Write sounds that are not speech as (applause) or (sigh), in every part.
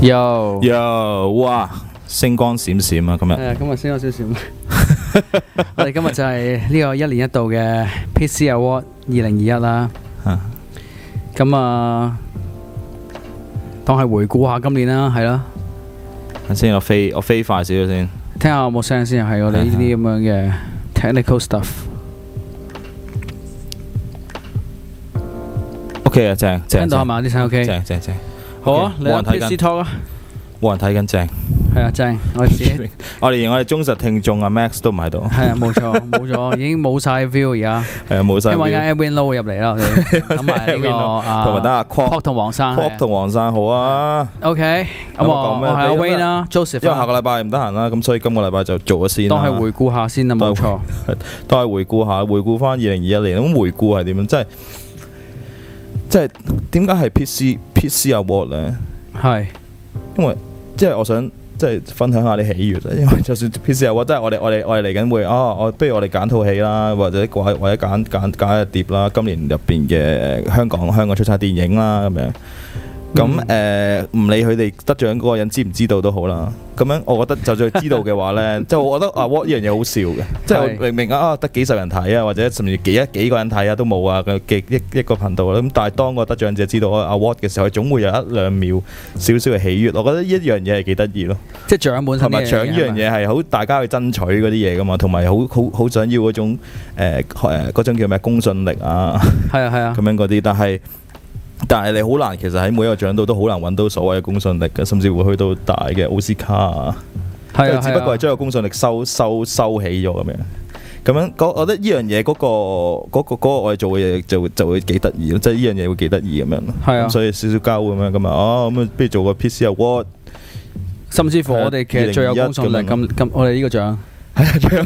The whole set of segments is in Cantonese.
又又哇，星光閃閃啊！今日係啊，今日星光閃閃。我哋今日就係呢個一年一度嘅 PIZZY AWARDS 二零二一啦。吓，咁啊，當係回顧下今年啦，係咯。等先，我飛我飛快少少先。聽下有冇聲先，係我哋呢啲咁樣嘅 technical stuff。O K 啊，正聽到係嘛？啲聲 O K，正正正。好啊，你有 B 站啊？冇人睇緊正，係啊正。我哋我哋我哋忠實聽眾阿 Max 都唔喺度。係啊，冇錯，冇錯，已經冇晒 view 而家。係啊，冇晒。因為而家 Adwin Low 入嚟啦，我哋。同埋呢個啊，同黃生。同黃生好啊。OK，咁啊，唔係 Adwin 啦，Joseph。因為下個禮拜唔得閒啦，咁所以今個禮拜就做咗先啦。當係回顧下先啊，冇錯。當係回顧下，回顧翻二零二一年。咁回顧係點樣？即係。即係點解係 Pizzy Pizzy Award 咧？係是，因為即係我想即係分享下啲喜悦啦。因為就算 Pizzy Award 即係我哋我哋我哋嚟緊會哦，我不如我哋揀套戲啦，或者或者揀揀揀一碟啦。今年入邊嘅香港香港出產電影啦咁樣。咁誒唔理佢哋得獎嗰個人知唔知道都好啦。咁樣我覺得，就算知道嘅話呢，即係 (laughs) 我覺得阿 Award 依樣嘢好笑嘅，是即係明明啊得、啊、幾十人睇啊，或者甚至幾一幾個人睇啊都冇啊嘅一個一個頻道啦。咁但係當個得獎者知道阿阿 Award 嘅時候，佢總會有一兩秒少少嘅喜悦。我覺得依樣嘢係幾得意咯。即係獎本身同埋獎依樣嘢係好大家去爭取嗰啲嘢噶嘛，同埋好好好想要嗰種誒誒嗰種叫咩公信力啊，係啊係啊咁樣嗰啲，但係。但係你好難，其實喺每一個獎度都好難揾到所謂嘅公信力嘅，甚至會去到大嘅奧斯卡啊，即係只不過係將個公信力收收收起咗咁樣。咁樣我覺得呢樣嘢嗰個嗰、嗰個嗰個嗰個、我哋做嘅嘢就會就會幾得意咯，即係呢樣嘢會幾得意咁樣。係啊，所以少少交咁樣咁啊，哦咁啊，不如做個 Pizzy Award，甚至乎我哋其實、啊、最有公信力咁咁，樣我哋呢個獎。係、 (laughs) 嗯，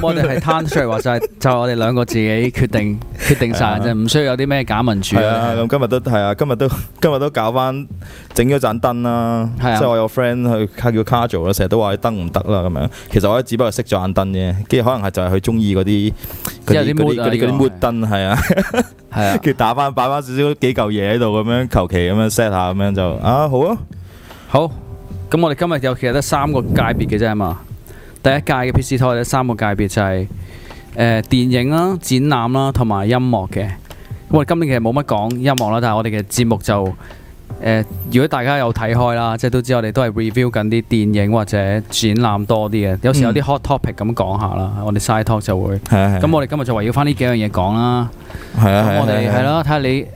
我哋係攤出嚟話晒，就我哋兩個自己決定決定晒就唔需要有啲咩假民主。啊，咁今日都係啊，今日都今日都搞翻整咗盞燈啦，是啊、即係我有 friend 去卡叫卡做啦，成日都話啲燈唔得啦咁樣。其實我只不過熄咗盞燈啫，跟住可能係就係佢中意嗰啲嗰啲嗰啲抹燈係啊，係啊，跟住打翻擺翻少少幾嚿嘢喺度，咁樣求其咁樣 set 下，咁樣就啊好啊好。咁我哋今日有其實得三個界別嘅啫係嘛。第一屆嘅 PC Talk 有三個界別就係、是、誒、呃、電影啦、啊、展覽啦同埋音樂嘅。我哋今年其實冇乜講音樂啦，但係我哋嘅節目就誒、呃，如果大家有睇開啦，即係都知我哋都係 review 緊啲電影或者展覽多啲嘅。嗯、有時有啲 hot topic 咁講下啦，我哋 side talk 就會。係咁、啊啊、我哋今日就圍繞翻呢幾樣嘢講啦。係啊，啊我哋係咯，睇下、啊啊啊啊、你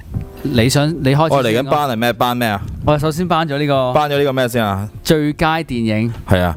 你想你開始。我嚟緊班係咩班咩啊？我首先班咗呢、這個。班咗呢個咩先啊？最佳電影。係啊。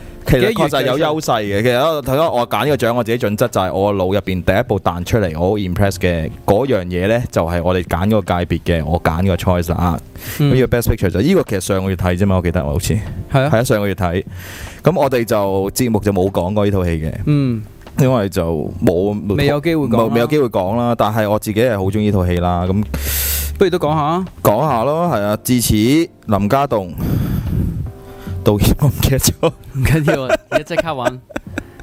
其實確實有優勢嘅，其實頭先我揀個獎，我自己準則就係我腦入邊第一步彈出嚟，我好 impress 嘅嗰樣嘢呢，就係我哋揀嗰個界別嘅，我揀個 choice 啦。嗯。呢個 best picture 就呢個其實上個月睇啫嘛，我記得我好似。係啊。係啊，上個月睇。咁我哋就節目就冇講過呢套戲嘅。嗯。因為就冇未有機會講，未有機會講啦。但係我自己係好中意呢套戲啦。咁不如都講下，講下。講下咯，係啊，智齒林家棟。導演，我唔記得咗。唔緊要，你即刻揾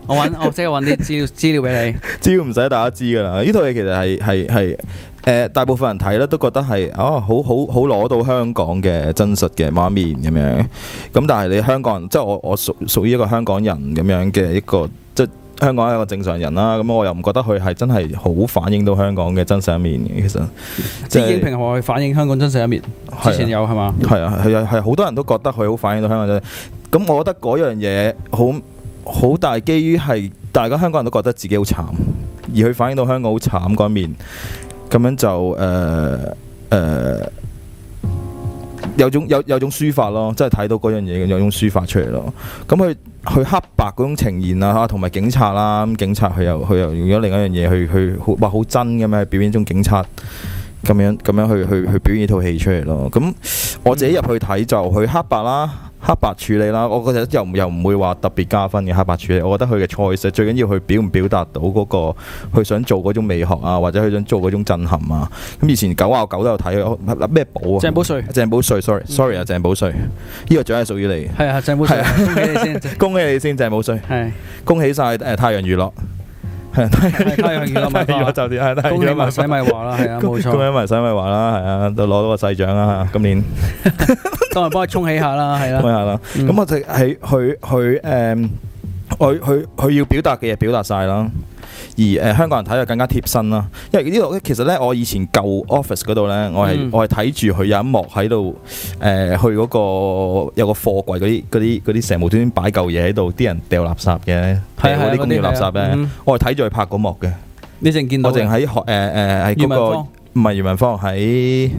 我，我即刻揾啲資料，資料俾你。資料唔使大家知噶啦，呢套嘢其實係係係誒，大部分人睇咧都覺得係哦、啊，好好好攞到香港嘅真實嘅畫面咁樣。咁但係你香港人，即係我我屬我屬於一個香港人咁樣嘅一個。香港係一個正常人啦，咁我又唔覺得佢係真係好反映到香港嘅真實一面嘅。其實自己評何去反映香港真實一面？之前有係嘛？係啊，係嗎啊，係好、啊啊啊啊啊、多人都覺得佢好反映到香港真實。咁、嗯、我覺得嗰樣嘢好好大基於係大家香港人都覺得自己好慘，而佢反映到香港好慘嗰一面，咁樣就誒誒、呃呃、有種有有種抒發咯，即係睇到嗰樣嘢有種抒發出嚟咯。咁佢。佢黑白嗰種呈現啊，嚇，同埋警察啦，咁警察佢又佢又用咗另一樣嘢去去，哇，好真咁樣表演一種警察。咁樣咁樣去去去表演呢套戲出嚟咯。咁我自己入去睇就去黑白啦，黑白處理啦，我覺得又唔又唔會話特別加分嘅黑白處理。我覺得佢嘅菜式最緊要佢表唔表達到嗰、那個，佢想做嗰種美學啊，或者佢想做嗰種震撼啊。咁以前九啊九都有睇我，咩寶啊？鄭保瑞，鄭保瑞，sorry sorry、嗯、啊，鄭保瑞，呢個獎係屬於你嘅。係啊，鄭保瑞，啊、恭喜你先， (laughs) 恭喜你先，鄭保瑞。係的，恭喜晒，太陽娛樂。係，都係咁啊！酒店係，都係咁啊！恭喜埋洗米華啦，係啊，冇錯。恭喜埋洗米華啦，係啊，都攞到個世獎啦！今年，都係幫佢沖喜下啦，係啦。咁啊，就係佢，佢，誒，佢，佢，佢要表達嘅嘢表達晒啦。而誒、呃、香港人睇就更加貼身啦，因為呢度咧其實咧，我以前舊 office 嗰度咧，我係、嗯、我係睇住佢有一幕喺度誒，去嗰、嗰個有個貨櫃嗰啲嗰啲嗰啲成無端端擺嚿嘢喺度，啲人掉垃圾嘅，掉嗰啲工業垃圾咧，嗯、我係睇住佢拍嗰幕嘅。你仲見到我仲喺學誒誒係嗰個唔係移民芳喺。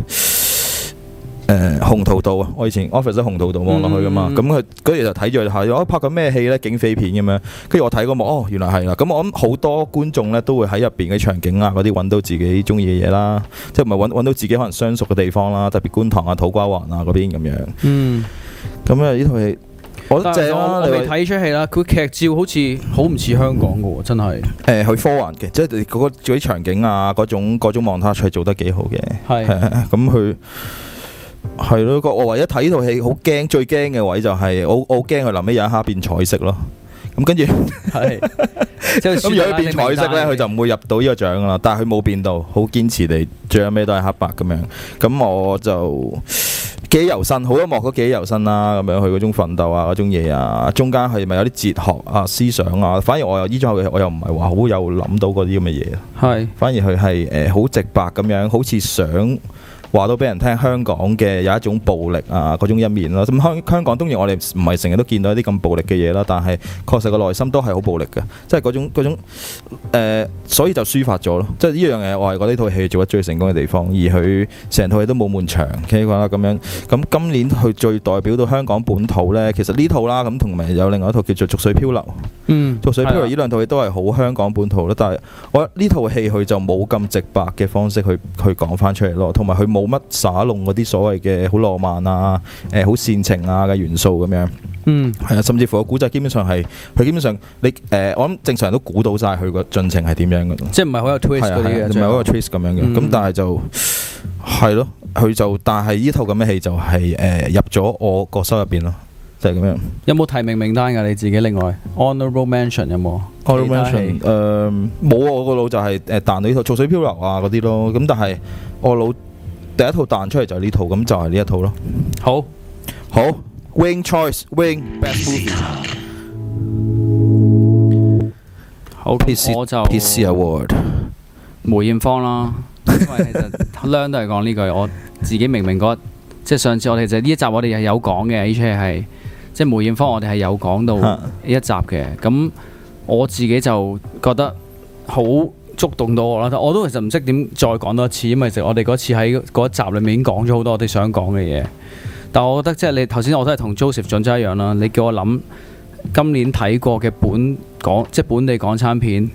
誒鴻圖道啊！我以前 office 喺鴻圖道望落去噶嘛，咁佢嗰日就睇住下，我拍緊咩戲咧？警匪片咁樣。跟住我睇個幕，哦，原來係啦、啊。咁、嗯、我諗好多觀眾咧都會喺入邊嘅場景啊，嗰啲揾到自己中意嘅嘢啦，即係唔係揾到自己可能相熟嘅地方啦，特別觀塘啊、土瓜灣啊嗰邊咁樣。嗯，咁、嗯、啊，呢套戲我都正啦。我未睇出戲啦，佢劇照好似好唔似香港嘅喎，真係誒係科幻嘅，即係嗰個嗰啲場景啊，嗰種嗰種望塔菜做得幾好嘅，咁佢是。 (laughs) 係咯，我唯一睇呢套戲好驚，最驚嘅位就係、是、我我驚佢臨尾有一刻變彩色咯。咁跟住係，即係如果變彩色咧，佢就唔會入到呢個獎啦。但係佢冇變到，好堅持地，最尾都係黑白咁樣。咁我就記憶猶新，好一幕都記憶猶新啦，咁樣佢嗰種奮鬥啊，嗰種嘢啊，中間係咪有啲哲學啊、思想啊？反而我又呢種戲，我又唔係話好有諗到嗰啲咁嘅嘢。係，是的 反而佢係誒好直白咁樣，好似想。話到俾人聽，香港嘅有一種暴力啊，嗰種一面咯。咁香香港當然我哋唔係成日都見到啲咁暴力嘅嘢啦，但係確實個內心都係好暴力嘅，即係嗰種嗰種、呃、所以就抒發咗咯。即係呢樣嘢，我係覺得呢套戲做得最成功嘅地方。而佢成套戲都冇悶場，OK 啦咁樣。咁今年佢最代表到香港本土呢，其實呢套啦，咁同埋有另外一套叫做《濁水漂流》。嗯，《濁水漂流》呢兩套戲都係好香港本土咯，但係我呢套戲佢就冇咁直白嘅方式去去講翻出嚟咯，同埋佢冇。冇乜耍弄嗰啲所謂嘅好浪漫啊，誒、呃、好煽情啊嘅元素咁樣，嗯，係啊，甚至乎個古仔基本上係，佢基本上你誒、呃，我諗正常人都估到晒佢個進程係點樣嘅，即係唔係好有 twist 嗰啲嘅，唔係好有 twist 咁樣嘅，咁、嗯、但係就係咯，佢就但係呢套咁嘅戲就係、是、誒、呃、入咗我個心入邊咯，就係、是、咁樣。有冇提名名單㗎？你自己另外 honourable mention 有冇 honourable mention 誒，冇啊！我個腦就係誒、啊，但你呢套濁水漂流啊嗰啲咯，咁但係我腦。第一套彈出嚟就係呢套，咁就係呢一套咯。好，好，Wayne's Choice，Wayne's Best Picture。好，我就 Pizzy Award，梅艷芳啦。其實孃都係講呢句，我自己明明覺得，即係上次我哋就呢一集我哋係有講嘅，而且係即係梅艷芳我哋係有講到呢一集嘅。咁我自己就覺得好。觸動到我啦，我都其實唔識點再講多次，因為其實我哋嗰次喺嗰一集裡面已經講咗好多我哋想講嘅嘢。但我覺得即係你頭先，我都係同 Joseph 準則一樣啦。你叫我諗今年睇過嘅本港即係本地港產片，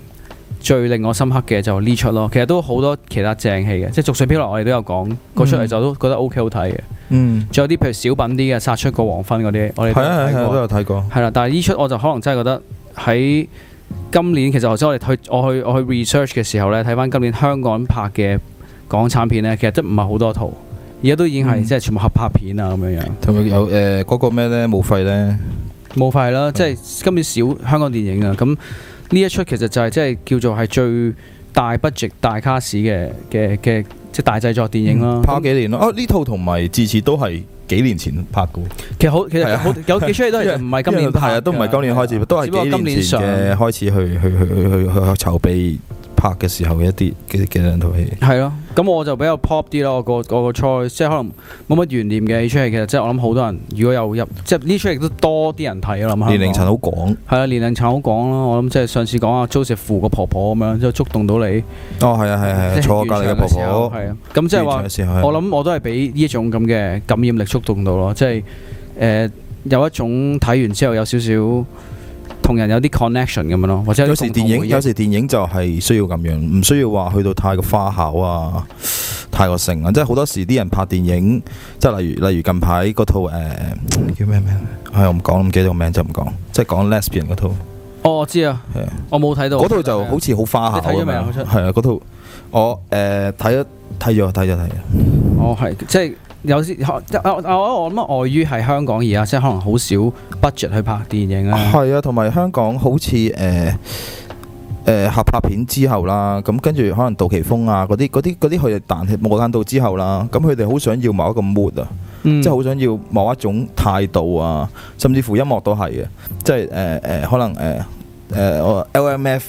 最令我深刻嘅就係呢出咯。其實都好多其他正戲嘅，即係《濁水漂流》我哋都有講嗰、嗯、出嚟就都覺得 O、OK, K 好睇嘅。仲、嗯、有啲譬如小品啲嘅《殺出個黃昏》嗰啲，我哋都有睇過。係啊，我、啊啊、都有睇過。係啦、啊，但係呢出我就可能真係覺得喺。今年其實頭先我哋去我去我去 research 嘅時候呢，睇翻今年香港拍嘅港產片呢，其實都唔係好多套，而家都已經係即係全部合拍片啊咁樣樣。同埋有誒嗰、呃那個咩呢？冇廢呢？冇廢啦，嗯、即係今年少香港電影啊。咁呢一出其實就係、是、即係叫做係最大 budget 大卡 a 嘅嘅嘅即係大製作電影啦。拍幾年咯？呢那、啊、套同埋自此都係。幾年前拍嘅，其實好，其實好，有幾出戲都係唔係今年拍，係啊，都唔係今年開始，都係幾年前嘅開始去去去去去去籌備。拍嘅時候嘅一啲嘅嘅兩套戲，係咯、啊，咁我就比較 pop 啲咯。個個個 choice 即係可能冇乜懸念嘅出嚟嘅，即係我諗好多人如果有入，即係呢出亦都多啲人睇下，諗下年齡層好廣，係啊，年齡層好廣咯。我諗即係上次講阿 Joseph 個婆婆咁樣，即係觸動到你。哦，係啊，係係、啊，啊、坐隔離嘅婆婆，係啊，咁即係話，啊、我諗我都係俾呢種咁嘅感染力觸動到咯，即係誒、呃、有一種睇完之後有少少。同人有啲 connection 咁樣咯，或者有時電影，有時電影就係需要咁樣，唔需要話去到太過花巧啊，太過成啊，即係好多時啲人拍電影，即係例如例如近排嗰套誒叫咩名？係、哎，我唔講，唔記得個名就唔講，即係講 lesbian 嗰套。哦，我知啊，係啊，我冇睇到。嗰套就好似好花巧，你睇咗未？係啊，嗰套我誒睇咗，睇咗，睇咗，睇咗。哦，係即係。有時我我我諗外於係香港而家，即係可能好少 budget 去拍電影啦。係啊，同埋香港好似誒誒合拍片之後啦，咁跟住可能杜琪峰啊嗰啲嗰啲佢哋佢彈《無間道》之後啦，咁佢哋好想要某一個 mood 啊，嗯、即係好想要某一種態度啊，甚至乎音樂都係嘅，即係誒誒可能誒誒、呃呃、我 LMF。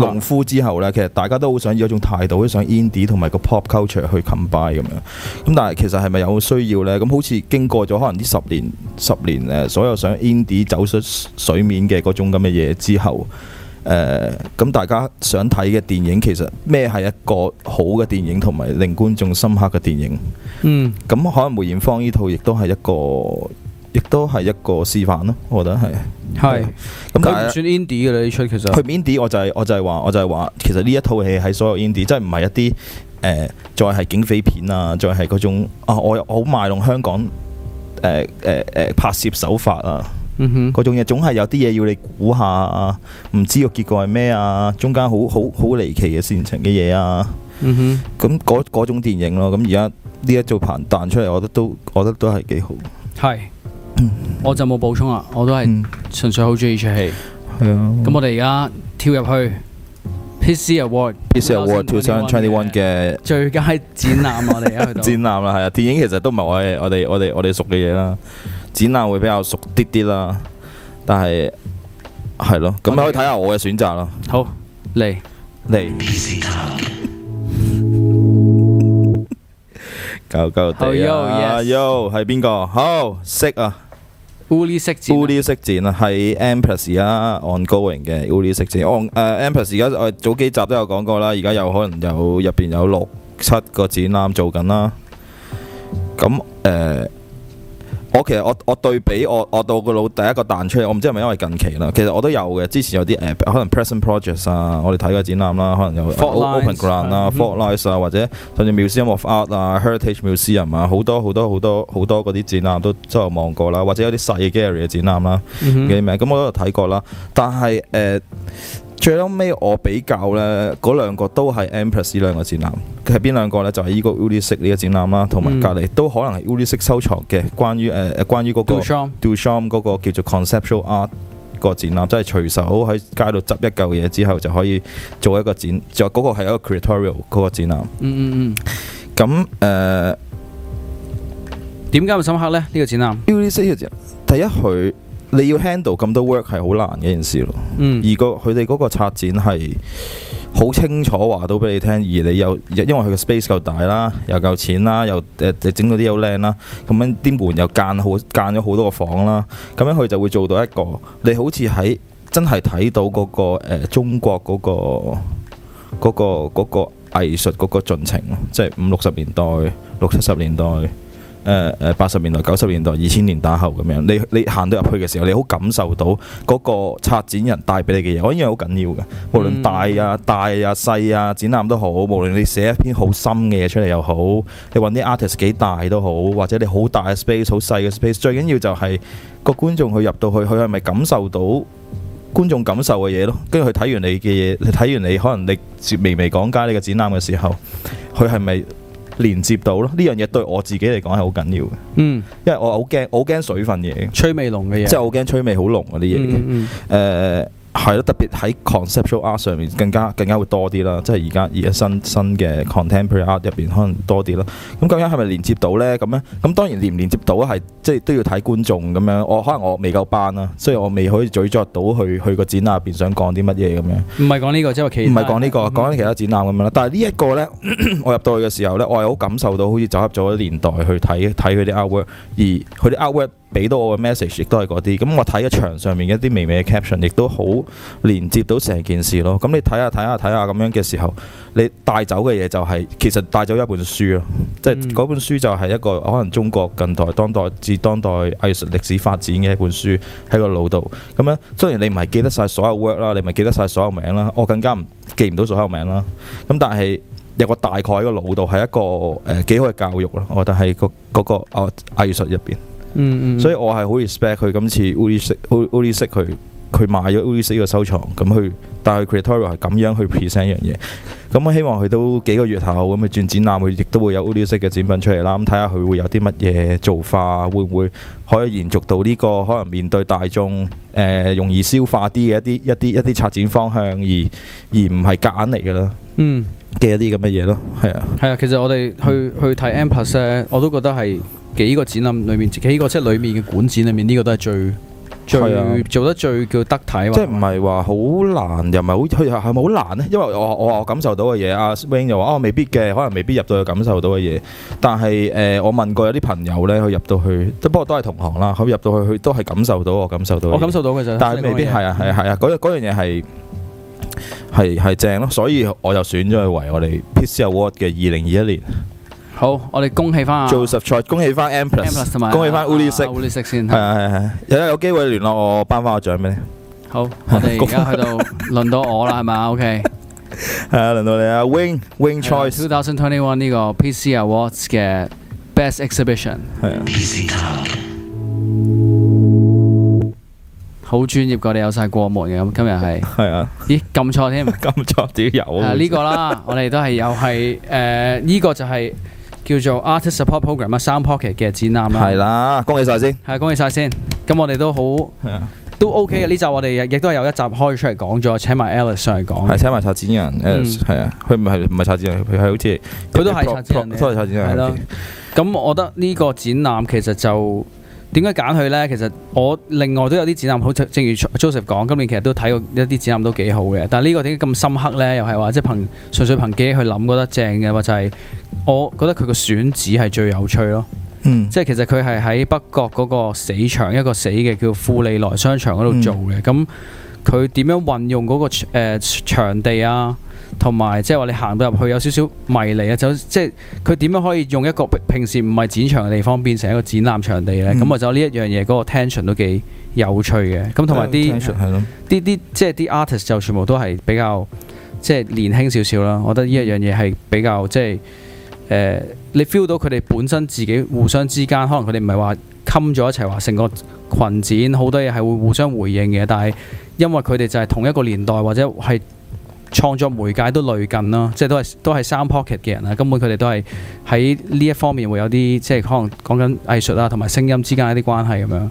農夫之後呢，其實大家都好想要一種態度，都想 indie 同埋個 pop culture 去 combine 咁樣。咁但係其實係咪有需要呢？咁好似經過咗可能啲十年、十年誒，所有想 indie 走出水面嘅嗰種咁嘅嘢之後，誒、呃、咁大家想睇嘅電影，其實咩係一個好嘅電影同埋令觀眾深刻嘅電影？嗯，咁可能梅艷芳呢套亦都係一個。亦都係一個示範咯，我覺得係係咁，但，佢唔算 indie 嘅啦。呢出其實佢 indie，我就係我就係話，我就係話，其實呢一套戲喺所有 indie，即係唔係一啲誒、呃，再係警匪片啊，再係嗰種啊，我好賣弄香港誒誒誒拍攝手法啊，嗯哼，嗰種嘢總係有啲嘢要你估下啊，唔知個結果係咩啊，中間好好好離奇嘅煽情嘅嘢啊，嗯哼，咁嗰嗰種電影咯。咁而家呢一組膨彈，彈出嚟，我覺得都我覺得都係幾好，係。我就冇補充啦，我都係純粹好中意出戲。係啊、嗯，咁我哋而家跳入去 Pizzy Award，Pizzy Award 2021嘅最佳展覽、啊，我哋而家去到展覽啦，係啊，電影其實都唔係我我哋我哋我哋熟嘅嘢啦，展覽會比較熟啲啲啦，但係係咯，咁、啊、可以睇下我嘅選擇啦、okay. oh, yes.。好嚟嚟，p 高高地啊，Yo，係邊個？好識啊！烏利色展啊，係 M+ 啊，ongoing 嘅烏利色展，on，誒，M+ 而家誒早幾集都有講過啦，而家有可能有入邊有六七個展覽做緊啦，咁誒。我其實我我對比我我到個腦第一個彈出嚟，我唔知係咪因為近期啦。其實我都有嘅，之前有啲誒，可能 Present Projects 啊，我哋睇嘅展覽啦，可能有 Photo Open Ground 啊、嗯、哼 Fort Lives 啊，或者甚至 Museum of Art 啊，Heritage Museum 啊，好多好多好多好多嗰啲展覽都即係望過啦，或者有啲細嘅 Gallery 展覽啦，嗯、哼記唔記？咁我都有睇過啦，但係誒。呃最，最後尾我比較咧，嗰兩個都係 M+ 呢兩個展覽，係邊兩個咧？就係、是、呢個 Uli Sigg 呢個展覽啦，同埋隔籬都可能係 Uli Sigg 收藏嘅關於誒誒，關於嗰、呃那個 Duchamp Duchamp 個叫做 Conceptual Art 個展覽，即係隨手喺街度執一嚿嘢之後就可以做一個展，就、那、嗰個係一個 Cretorial 嗰個展覽。嗯嗯嗯，咁誒，點解咁深刻咧？呢、這個展覽 Uli Sigg 第一佢。你要 handle 咁多 work 係好難嘅一件事咯，嗯、而個佢哋嗰個拆展係好清楚話到俾你聽，而你又因為佢個 space 夠大啦，又夠錢啦，又誒整到啲好靚啦，咁樣啲門又間好間咗好多個房啦，咁樣佢就會做到一個你好似喺真係睇到嗰個誒、呃、中國嗰個嗰個嗰個藝術嗰個進程咯，即係五六十年代、六七十年代。誒誒八十年代九十年代二千年打後咁樣，你你行到入去嘅時候，你好感受到嗰個策展人帶俾你嘅嘢，我呢樣好緊要嘅。無論大啊大啊細啊展覽都好，無論你寫一篇好深嘅嘢出嚟又好，你揾啲 artist 幾大都好，或者你好大嘅 space 好細嘅 space，最緊要就係個觀眾去入到去，佢係咪感受到觀眾感受嘅嘢咯？跟住佢睇完你嘅嘢，你睇完你可能你微微講解你嘅展覽嘅時候，佢係咪？連接到咯，呢樣嘢對我自己嚟講係好緊要嘅。嗯，因為我好驚，我好驚水分嘢，吹味濃嘅嘢，即係我驚吹味好濃嗰啲嘢。嗯嗯，嗯，呃係咯，特別喺 conceptual art 上面更加更加會多啲啦，即係而家而家新新嘅 contemporary art 入邊可能多啲啦。咁究竟係咪連接到咧？咁咧，咁當然連唔連接到係即係都要睇觀眾咁樣。我可能我未夠班啦，所以我未可以咀嚼到去去個展覽入邊想講啲乜嘢咁樣。唔係講呢個即係企，唔係講呢個，講緊其他展覽咁樣啦。但係呢一個咧，我入到去嘅時候咧，我係好感受到好似走入咗年代去睇睇佢啲 artwork 而佢啲 artwork 俾到我嘅 message，亦都係嗰啲咁。我睇嘅牆上面一啲微微嘅 caption，亦都好連接到成件事咯。咁你睇下睇下睇下咁樣嘅時候，你帶走嘅嘢就係、是、其實帶走一本書咯，即係嗰本書就係一個可能中國近代、當代至當代藝術歷史發展嘅一本書喺個腦度咁樣。雖然你唔係記得晒所有 work 啦，你咪記得晒所有名啦。我更加唔記唔到所有名啦。咁但係有個大概喺個腦度係一個誒幾、呃、好嘅教育咯。我覺得喺嗰個啊藝術入邊。嗯、mm hmm. 所以我係好 respect 佢今次 Uli Sigg O Uli Sigg 佢佢買咗 Uli Sigg 依個收藏，咁佢但係 creative 係咁樣去 present 一樣嘢，咁我希望佢都幾個月後咁啊轉展覽，佢亦都會有 Uli Sigg 嘅展品出嚟啦，咁睇下佢會有啲乜嘢做法，會唔會可以延續到呢、這個可能面對大眾誒、呃、容易消化啲嘅一啲一啲一啲策展方向而，而而唔係夾硬嚟嘅啦，嗯嘅、mm hmm. 一啲咁嘅嘢咯，係啊，係啊，其實我哋去去睇 M+ 咧，我都覺得係。幾個展覽裏面，幾個即係裏面嘅館展裏面，呢個都係最最做得最叫得體。即係唔係話好難，又唔係好，係咪好難咧？因為我我感受到嘅嘢，阿 Wayne 又話哦未必嘅，可能未必入到去感受到嘅嘢。但係誒，我問過有啲朋友咧，佢入到去，都不過都係同行啦，佢入到去，佢都係感受到，我感受到，我感受到嘅啫。但係未必係啊，係啊，係啊，嗰嗰樣嘢係係係正咯。所以我就選咗佢為我哋 Pizzy Award 嘅二零二一年。好，我哋恭喜翻啊！Joseph's Choice，恭喜翻 Amplas，恭喜翻 Ulysse，Ulysse 先。係係係，有有機會聯絡我，頒翻個獎俾你。好，我哋而家去到輪到我啦，係咪 OK？係啊，輪到你啊，Wayne，Wayne's Choice，2021 呢個 Pizzy Awards 嘅 Best Exhibition 係啊，好專業嘅，我哋有晒過門嘅咁，今日係係啊。咦，撳錯添，撳錯自己有啊！呢個啦，我哋都係又係誒，呢個就係。叫做 Art Support Programme 啊，Sound Pocket 嘅展覽啊，係啦，恭喜曬先， (music) 先，係恭喜晒先。咁我哋都好，都 OK 嘅呢集，我哋亦都有一集開出嚟講咗，請埋 Alice 上嚟講，係請埋策展人 Alice 係啊，佢唔係唔係策展人，佢係好似佢都係策展人，係咯。咁我覺得呢個展覽其實就。點解揀佢呢？其實我另外都有啲展覽，好似正如 Joseph 講，今年其實都睇過一啲展覽都幾好嘅。但係呢個點解咁深刻呢？又係話即係憑純粹憑自己去諗覺得正嘅，或就係、是、我覺得佢個選址係最有趣咯。嗯、即係其實佢係喺北角嗰個死場一個死嘅叫富利來商場嗰度做嘅。咁佢點樣運用嗰、那個誒、呃、場地啊？同埋即係話你行到入去有少少迷離啊，就即係佢點樣可以用一個平時唔係展場嘅地方變成一個展覽場地呢？咁我、嗯、就呢一樣嘢嗰個 tension 都幾有趣嘅。咁同埋啲啲啲即係啲 artist 就全部都係比較即係、就是、年輕少少啦。我覺得呢一樣嘢係比較即係誒，你 feel 到佢哋本身自己互相之間，可能佢哋唔係話冚咗一齊，話成個群展好多嘢係會互相回應嘅。但係因為佢哋就係同一個年代或者係。創作媒介都累近咯，即係都係都係 Soundpocket 嘅人啊！根本佢哋都係喺呢一方面會有啲即係可能講緊藝術啊，同埋聲音之間一啲關係咁樣，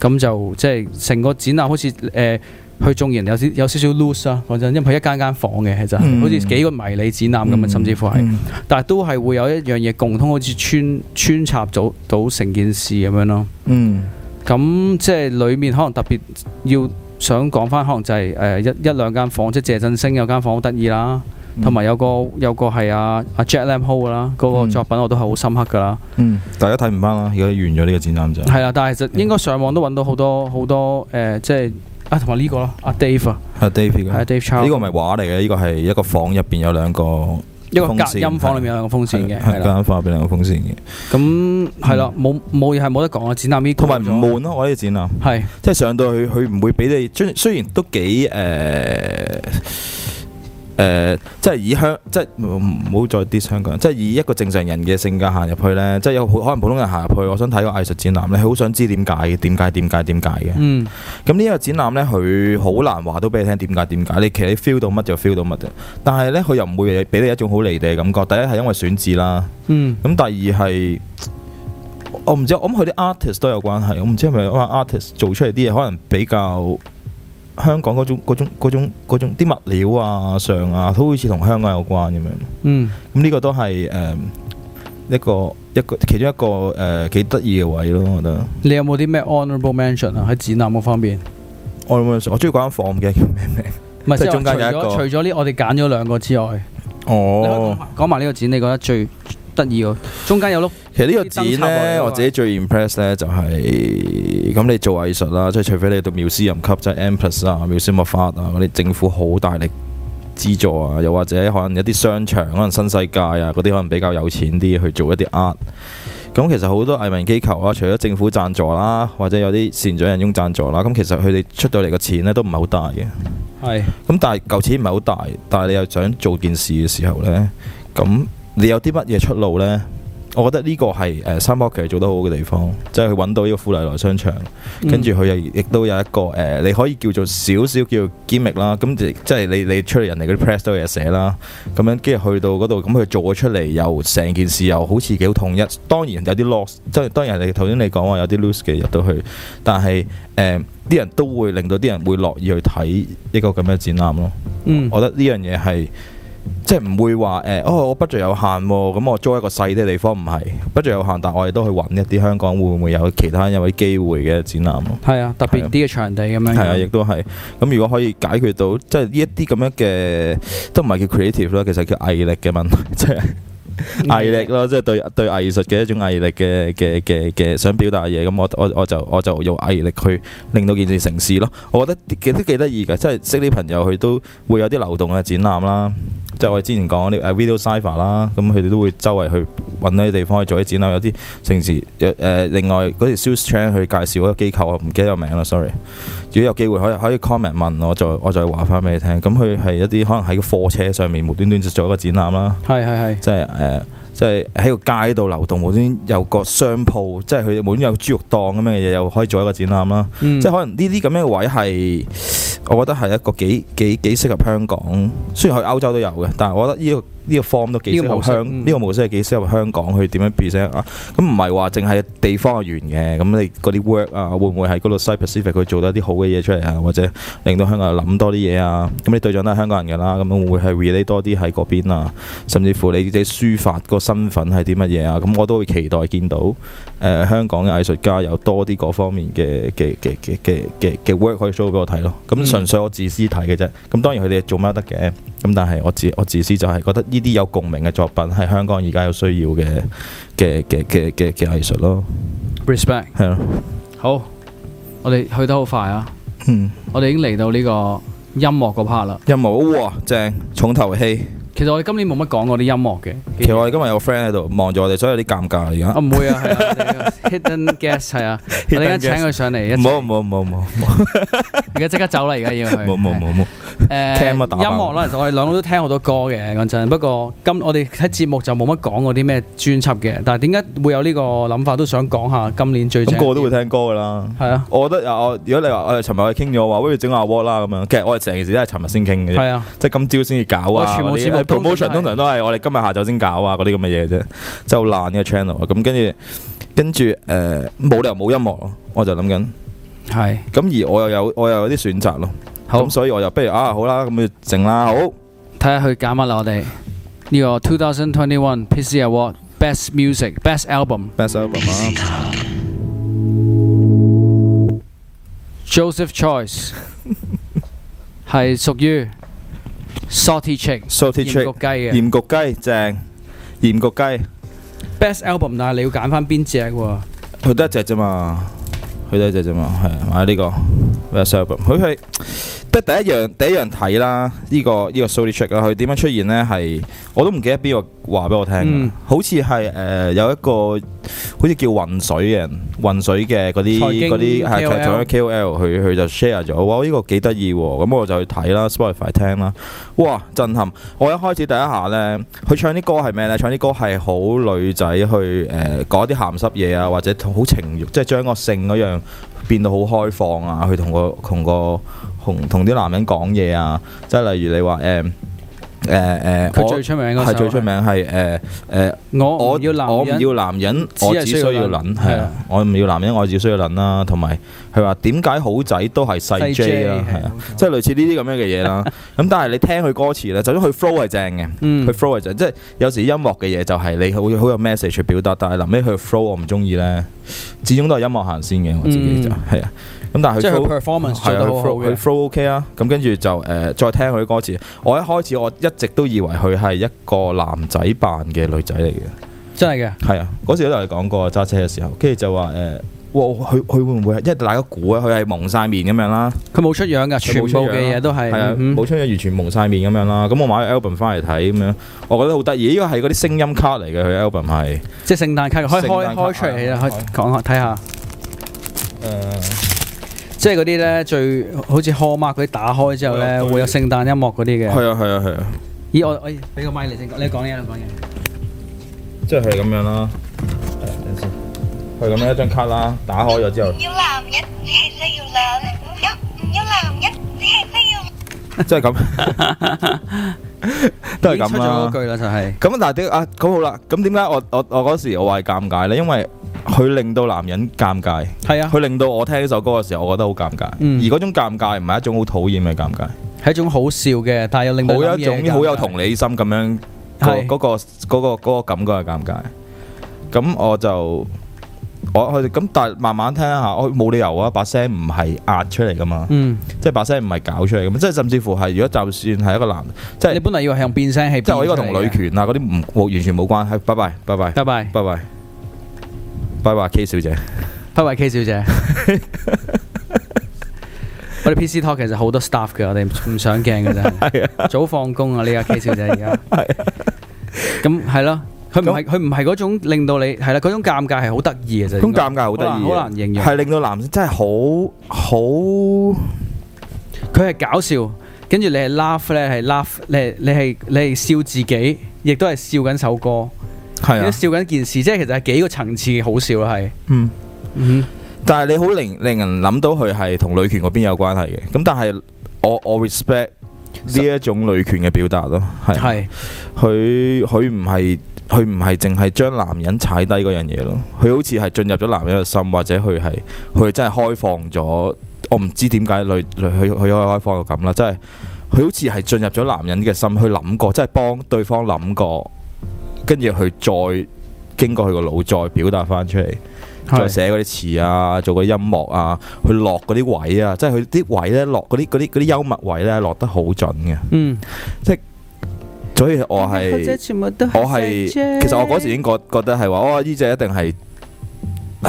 咁就即係成個展覽好似誒去縱然有，有，有少有少少 lose 啊講真，因為佢一間間房嘅其實好似幾個迷你展覽咁啊，甚至乎係，mm hmm. 但係都係會有一樣嘢共通，好似穿穿插到到成件事咁樣咯。嗯、mm，咁、hmm. 即係裡面可能特別要。想講翻可能就係、是、誒、呃、一一兩間房，即係謝振升有間房好得意啦，同埋、嗯、有個有個係阿阿 Jack Lam Ho 噶、e、啦，嗰、那個作品我都係好深刻噶啦嗯。嗯，大家睇唔翻啦，而家完咗呢個展覽就係啦。但係其實應該上網都揾到好多好多誒、呃，即係啊同埋呢個咯，阿、啊、Dave。阿 Dave 嘅。阿 Dave Charles、啊。呢、這個咪畫嚟嘅，呢、這個係一個房入邊有兩個。一個隔音房裏面扇有兩個風扇嘅，係間房入邊兩個風扇嘅。咁係咯，冇冇嘢係冇得講啊！展覽呢、這個，同埋唔悶咯，我可以展覽。係，是的 即係上到去，佢唔會俾你，雖然都幾誒。呃誒、呃，即係以鄉，即係唔好再 dis 香港人，即係以一個正常人嘅性格行入去呢，即係有可能普通人行入去，我想睇個藝術展覽咧，好想知點解嘅，點解點解點解嘅。咁呢一個展覽呢，佢好難話都俾你聽點解點解，你其實你 feel 到乜就 feel 到乜嘅。但係呢，佢又唔會俾你一種好離地嘅感覺。第一係因為選址啦。咁、嗯、第二係，我唔知，我諗佢啲 artist 都有關係，我唔知係咪因為 artist 做出嚟啲嘢可能比較。香港嗰種嗰種嗰種嗰種啲物料啊、上啊，都好似同香港有關咁、嗯、樣。嗯。咁、這、呢個都係誒、呃、一個一個其中一個誒幾得意嘅位咯，我覺得。你有冇啲咩 honourable mention 啊？喺展覽嗰方面。我有冇。我中意嗰間房，嘅，唔記得叫咩名。唔係，即係、就是、中間有一個。除咗呢，我哋揀咗兩個之外。哦。講埋呢個展，你覺得最？得意喎！中間有碌其實呢個展咧，我自己最 impress 呢就係、是、咁。你做藝術啦、啊，即係除非你讀妙思任級，即係 M+ 啊、妙思木花啊嗰啲政府好大力資助啊，又或者可能有啲商場，可能新世界啊嗰啲可能比較有錢啲去做一啲 art。咁其實好多藝文機構啊，除咗政府贊助啦、啊，或者有啲善長人翁贊助啦、啊，咁其實佢哋出到嚟嘅錢呢都唔係好大嘅。係咁是，但係舊錢唔係好大，但係你又想做件事嘅時候呢。咁。你有啲乜嘢出路呢？我覺得呢個係誒、呃、三泊其實做得好好嘅地方，即係去揾到呢個富麗來商場，跟住佢又亦都有一個誒、呃，你可以叫做少少叫做 gimmick 啦。咁即係你你出嚟人哋嗰啲 press 都有寫啦，咁樣跟住去到嗰度，咁、嗯、佢做咗出嚟，又成件事又好似幾好統一。當然有啲 loss，即係當然你頭先你講話有啲 lose 嘅入到去，但係誒啲人都會令到啲人會樂意去睇一個咁嘅展覽咯。呃嗯、我覺得呢樣嘢係。即係唔會話誒、哎，哦，我不 u 有限喎、啊，咁我租一個細啲嘅地方唔係不 u 有限，但我亦都去揾一啲香港會唔會有其他有啲機會嘅展覽係啊，啊，特別啲嘅場地咁樣。係啊，亦都係。咁、嗯、如果可以解決到，即係呢一啲咁樣嘅，都唔係叫 creative 啦，其實叫毅力嘅問題，即係毅力咯，即係 (laughs) 對 (laughs) 對藝術嘅一種毅力嘅嘅嘅嘅想表達嘢。咁我我我就我就用毅力去令到件事成事咯。我覺得都幾得意噶即係識啲朋友佢都會有啲流動嘅展覽啦。即係我哋之前講啲 video cipher 啦，咁佢哋都會周圍去揾啲地方去做啲展覽，有啲城市誒、呃。另外嗰條 news chain 去介紹一個機構，唔記得個名啦，sorry。如果有機會可以可以 comment 問我，就我再話翻俾你聽。咁佢係一啲可能喺貨車上面無端端就做一個展覽啦。係係係。即係誒。呃即係喺個街度流動，無端有個商鋪，即係佢無端有豬肉檔咁樣嘅嘢，又可以做一個展覽啦。即係、嗯、可能呢啲咁樣嘅位係，我覺得係一個幾幾幾適合香港。雖然去歐洲都有嘅，但係我覺得呢、呢個。呢個 form 都幾適合香，呢個模式係幾適合香港去點、嗯、樣 present 啊？咁唔係話淨係地方嘅緣嘅，咁你嗰啲 work 啊，會唔會喺嗰度 perspective 去做到啲好嘅嘢出嚟啊？或者令到香港人諗多啲嘢啊？咁你對象都係香港人㗎啦，咁會唔會係 relate 多啲喺嗰邊啊？甚至乎你自己書法個身份係啲乜嘢啊？咁我都會期待見到誒、呃、香港嘅藝術家有多啲嗰方面嘅嘅嘅嘅嘅嘅嘅 work 可以 show 俾我睇咯。咁純粹我自私睇嘅啫。咁當然佢哋做乜都得嘅。咁但係我自我自私就係覺得呢啲有共鳴嘅作品係香港而家有需要嘅，嘅嘅嘅嘅嘅藝術咯。Respect 係咯，好，我哋去得好快啊。嗯，我哋已經嚟到呢個音樂個 part 啦。音樂喎，正，重頭戲。其實我哋今年冇乜講嗰啲音樂嘅。其實我哋今日有個 friend 喺度望住我哋，所以有啲尷尬而家。唔會啊，hidden guest 係啊，我哋而家請佢上嚟。冇冇冇冇，而家即刻走啦，而家要。冇冇冇。誒，音樂咧，我哋兩個都聽好多歌嘅，講真。不過今我哋喺節目就冇乜講嗰啲咩專輯嘅。但係點解會有呢個諗法，都想講下今年最正。嗰個都會聽歌噶啦。係啊。我覺得啊，如果你話我哋尋日我哋傾咗話，不如整下 award 啦咁樣。其實我哋成件事都係尋日先傾嘅啫。係啊。即係今朝先至搞啊呢啲。Promotion 通常都係我哋今日下晝先搞啊，嗰啲咁嘅嘢啫，真係好爛嘅 channel。咁跟住，跟住誒冇理由冇音樂咯，我就諗緊係咁。而我又有我又有啲選擇咯，好所以我就不如啊好啦，咁就整啦。好睇下佢揀乜啦，我哋呢個 two thousand twenty one Pizzy Award Best Music Best Album Best Album 啊，Joseph Choice 係屬於。$altyChick，$altyChick，鹽焗雞嘅，鹽焗雞正，鹽焗雞。Best album，但係你要揀翻邊隻喎？佢得一隻啫嘛，佢得一隻啫嘛，係啊，買呢個 best album。佢係得第一樣，第一樣睇啦，呢個呢個 $altyChick 啦，佢點樣出現咧？係我都唔記得邊個。話俾我聽，嗯、好似係誒有一個好似叫混水嘅，混水嘅嗰啲啲係仲有 K O L，佢佢就 share 咗，哇呢、呢個幾得意喎，咁我就去睇啦，Spotify 聽啦，哇震撼！我一開始第一下呢，佢唱啲歌係咩呢？唱啲歌係好女仔去誒、呃、講啲鹹濕嘢啊，或者好情慾，即係將個性嗰樣變到好開放啊，去同個同個同同啲男人講嘢啊，即係例如你話誒。呃誒誒，佢最出名嘅係最出名係誒誒，我我我唔要男人，我只需要捻，係啊，我唔要男人，我只需要捻啦，同埋佢話點解好仔都係細 J 啊，係啊，即係類似呢啲咁樣嘅嘢啦。咁但係你聽佢歌詞咧，就算佢 flow 係正嘅，佢 flow 係正，即係有時音樂嘅嘢就係你好好有 message 去表達，但係臨尾佢 flow 我唔中意咧，始終都係音樂行先嘅，我自己就係啊。咁但係佢，即係好 performance 做到好嘅，佢 flow OK 啊！咁跟住就誒再聽佢啲歌詞。我一開始我一直都以為佢係一個男仔扮嘅女仔嚟嘅，真係嘅。係啊，嗰時同你講過揸車嘅時候，跟住就話誒，哇！佢佢會唔會？因為大家估啊，佢係蒙晒面咁樣啦。佢冇出樣㗎，全部嘅嘢都係冇出樣，完全蒙晒面咁樣啦。咁我買個 album 翻嚟睇咁樣，我覺得好得意。呢個係嗰啲聲音卡嚟嘅，佢 album 係，即係聖誕卡，可以開出嚟啦，講下睇下。誒。即係嗰啲咧，最好似開麥嗰啲，打開之後咧，會有聖誕音樂嗰啲嘅。係啊，係啊，係啊。咦，我我俾個麥嚟先，你講嘢，你講嘢。即係咁樣啦。係啊，等先。係咁樣一張卡啦，打開咗之後。要男人隻，要男人，唔要男人隻，要。即係咁，都係咁啦。出咗嗰句啦，就係。咁啊，嗱，點啊？咁好啦，咁點解我我我嗰時我話尷尬咧？因為佢令到男人尷尬，係啊！佢令到我聽呢首歌嘅時候，我覺得好尷尬。嗯，而嗰種尷尬唔係一種好討厭嘅尷尬，係一種好笑嘅，但係又令到冇一種好有同理心咁樣。係嗰個嗰個嗰個感覺係尷尬。咁我就我佢咁，但係慢慢聽下，我冇理由啊，把聲唔係壓出嚟噶嘛。嗯，即係把聲唔係搞出嚟噶嘛。即係甚至乎係，如果就算係一個男，即係你本來要向變聲器，即係我呢個同女權啊嗰啲唔完全冇關係。拜拜拜拜拜拜拜拜。拜拜，K 小姐。拜拜，K 小姐。我哋 PC talk 其實好多 staff 嘅，我哋唔上鏡嘅啫。係啊，早放工啊，你阿 K 小姐而家。咁係咯，佢唔係佢唔係嗰種令到你係啦，嗰種尷尬係好得意嘅，就係。尷尬好得意。好難形容。係令到男生真係好好，佢係搞笑，跟住你係 laugh 咧，係 laugh，你係你係你係笑自己，亦都係笑緊首歌。係啊，笑緊件事，即係其實係幾個層次好笑咯，係，嗯，嗯，但係你好令令人諗到佢係同女權嗰邊有關係嘅，咁但係我我 respect 呢一種女權嘅表達咯，係，係，佢佢唔係佢唔係淨係將男人踩低嗰樣嘢咯，佢好似係進入咗男人嘅心，或者佢係佢真係開放咗，我唔知點解女女佢佢可以開放到咁啦，即係，佢好似係進入咗男人嘅心，去諗過，即係幫對方諗過。跟住佢再經過佢個腦再表達翻出嚟，再寫嗰啲詞啊，做個音樂啊，去落嗰啲位啊，即係佢啲位咧落嗰啲啲啲幽默位咧落得好準嘅，嗯即，即係所以我係，嗯、全部都我係其實我嗰時已經覺覺得係話，哦，呢隻一定係。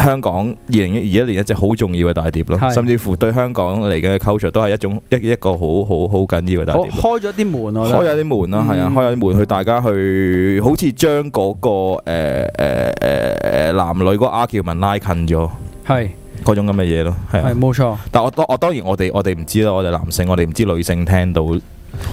香港二零二一年一隻好重要嘅大碟咯，是甚至乎對香港嚟緊嘅 culture 都係一種一一個好好好緊要嘅大碟。開咗啲門，我覺得。開咗啲門啦，係、嗯、啊，開咗啲門去大家去，好似將嗰個、呃呃、男女個 argument 拉近咗，係嗰是種咁嘅嘢咯，係、啊。係冇錯。但我當我當然我哋我哋唔知啦，我哋男性，我哋唔知女性聽到。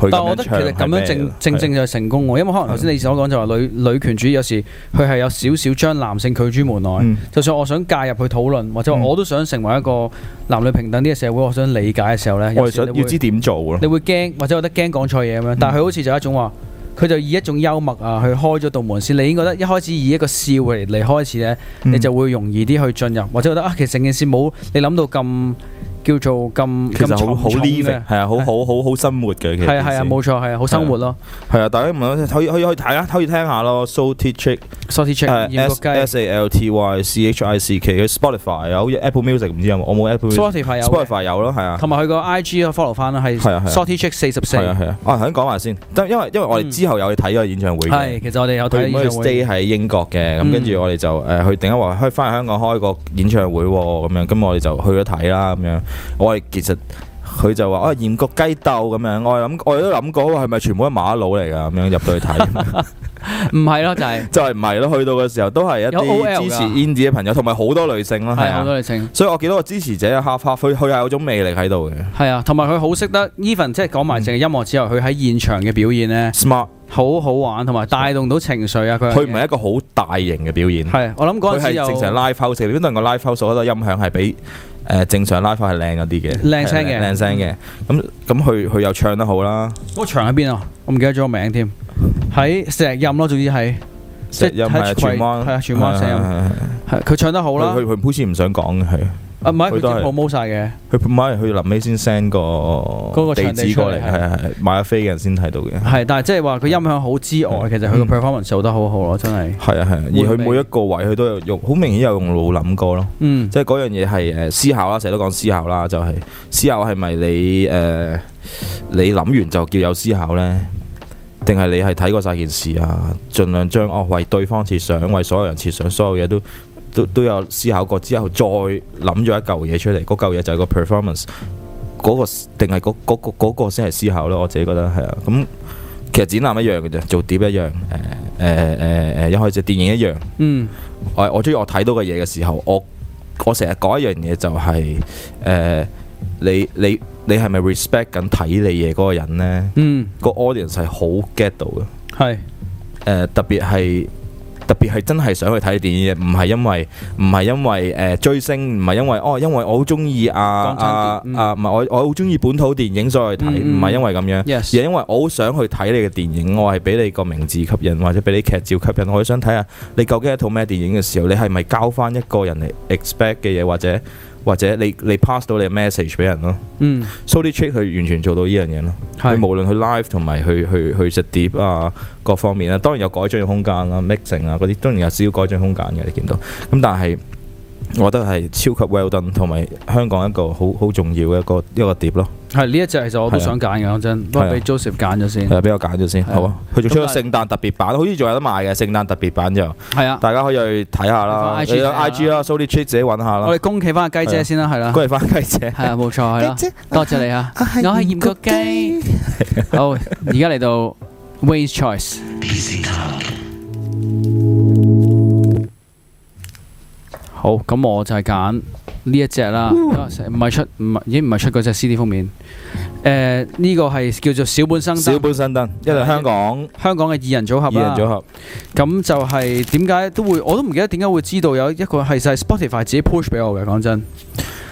但係我覺得其實咁樣正正正就係成功喎，因為可能頭先你所講就係女是的 女權主義，有時佢係、嗯、有少少將男性拒諸門外。嗯、就算我想介入去討論，或者話我都想成為一個男女平等啲嘅社會，我想理解嘅時候呢，我想要知點做咯。你會驚或者覺得驚講錯嘢咁樣，但係佢好似就一種話，佢就以一種幽默啊去開咗道門先。你已經覺得一開始以一個笑嚟嚟開始呢，你就會容易啲去進入，或者覺得啊，其實成件事冇你諗到咁。叫做咁其實好好 living 係啊，好好好好生活嘅。其係係啊，冇錯係啊，好生活咯。係啊，大家唔好可以可以去睇啊，可以聽下咯。Salty Chick，Salty Chick，S A L T Y C H I C K。佢 Spotify 有，好似 Apple Music 唔知有冇，我冇 Apple。Spotify 有，Spotify 有咯，係啊。同埋佢個 IG 咯，follow 翻啦，係。係啊，Salty Chick 四十四。係啊係啊。啊，先講埋先。得，因為因為我哋之後有去睇嗰個演唱會嘅。係，其實我哋有睇。佢 May Stay 喺英國嘅，咁跟住我哋就誒去，定一話開翻嚟香港開個演唱會喎，咁樣，咁我哋就去咗睇啦，咁樣。我係其實佢就話啊鹽焗雞鬥咁樣，我諗我亦都諗過係咪全部都馬佬嚟噶咁樣入到去睇，唔係咯就係 (laughs) 就係唔係咯，去到嘅時候都係一啲有 OL 支持 Yan 的嘅朋友，同埋好多女性咯，係啊，好是、啊、多女性，所以我見到個支持者啊，吓發揮去係有種魅力喺度嘅，係啊，同埋佢好識得 Even 即係講埋淨係音樂之後，佢喺現場嘅表現咧，smart，好好玩，同埋帶動到情緒啊，佢唔係一個好大型嘅表演，係，我諗嗰陣時正常 live house 邊度係個 live house 所有音響係俾。誒正常 live 係靚嗰啲嘅，靚聲嘅，靚聲嘅。咁咁佢佢又唱得好啦。個場喺邊啊？我唔記得咗個名添。喺石蔭咯，總之係石蔭，係荃灣，係啊，荃灣石蔭。係佢唱得好啦。佢佢好似唔想講嘅係。啊！唔係佢全部冇晒嘅，佢唔係佢臨尾先 send 個嗰地址過嚟，係係係買咗飛嘅人先睇到嘅。係，但係即係話佢音響好之外，的其實佢個 performance、嗯、做得好好咯，真係。係啊係，美而佢每一個位佢都有用，好明顯有用腦諗過咯。嗯、即係嗰樣嘢係誒思考啦，成日都講思考啦，就係、是、思考係咪你誒、呃、你諗完就叫有思考咧？定係你係睇過晒件事啊？盡量將哦為對方設想，為所有人設想，所有嘢都。都都有思考過之後再，再諗咗一嚿嘢出嚟，嗰嚿嘢就係個 performance，嗰個定係嗰嗰個先係、嗰個嗰個嗰個、思考咯。我自己覺得係啊。咁其實展覽一樣嘅啫，做碟一樣，誒誒誒誒，一開始電影一樣。嗯。我我中意我睇到嘅嘢嘅時候，我我成日講一樣嘢就係、係、誒、呃、你你你係咪 respect 緊睇你嘢嗰個人咧？嗯。個 audience 係好 get 到嘅。係係。誒、呃、特別係。特別係真係想去睇電影嘅，唔係因為唔係因為誒、呃、追星，唔係因為哦，因為我好中意啊啊啊，唔係、嗯啊啊、我我好中意本土電影，所以去睇，唔係、嗯嗯、因為咁樣，Yes. 而係因為我好想去睇你嘅電影，我係俾你個名字吸引，或者俾你劇照吸引，我想睇下你究竟一套咩電影嘅時候，你係咪交翻一個人嚟 expect 嘅嘢，或者？或者你你 pass 到你嘅 message 俾人咯，嗯，social check 佢完全做到呢樣嘢咯，佢係無論去 live 同埋去去去 set deep 啊各方面啊，當然有改進嘅空間啦、啊，mixing 啊嗰啲當然有少少改進空間嘅、啊，你見到，咁但係，我覺得係超級 well done，同埋香港一個好好重要嘅一個一個碟咯。係呢一隻其實我都想揀嘅，講真，都係俾 Joseph 揀咗先。係俾我揀咗先，好啊。佢仲出咗聖誕特別版，好似仲有得賣嘅聖誕特別版就係啊，大家可以去睇下啦。IG 啦，Salty Chick 自己揾下啦。我哋恭喜翻阿雞姐先啦，係啦。恭喜翻雞姐，係啊，冇錯，係啦。多謝你啊，我係鹽焗雞。好，而家嚟到 Wayne's Choice。好咁，我就係揀呢一隻啦。唔係出，唔係已經唔係出嗰隻 C D 封面。誒呢個係叫做小本生燈。小本生燈，一隊香港香港嘅二人組合二人組合，咁就係點解都會我都唔記得點解會知道有一個係就係 Spotify 自己 push 俾我嘅。講真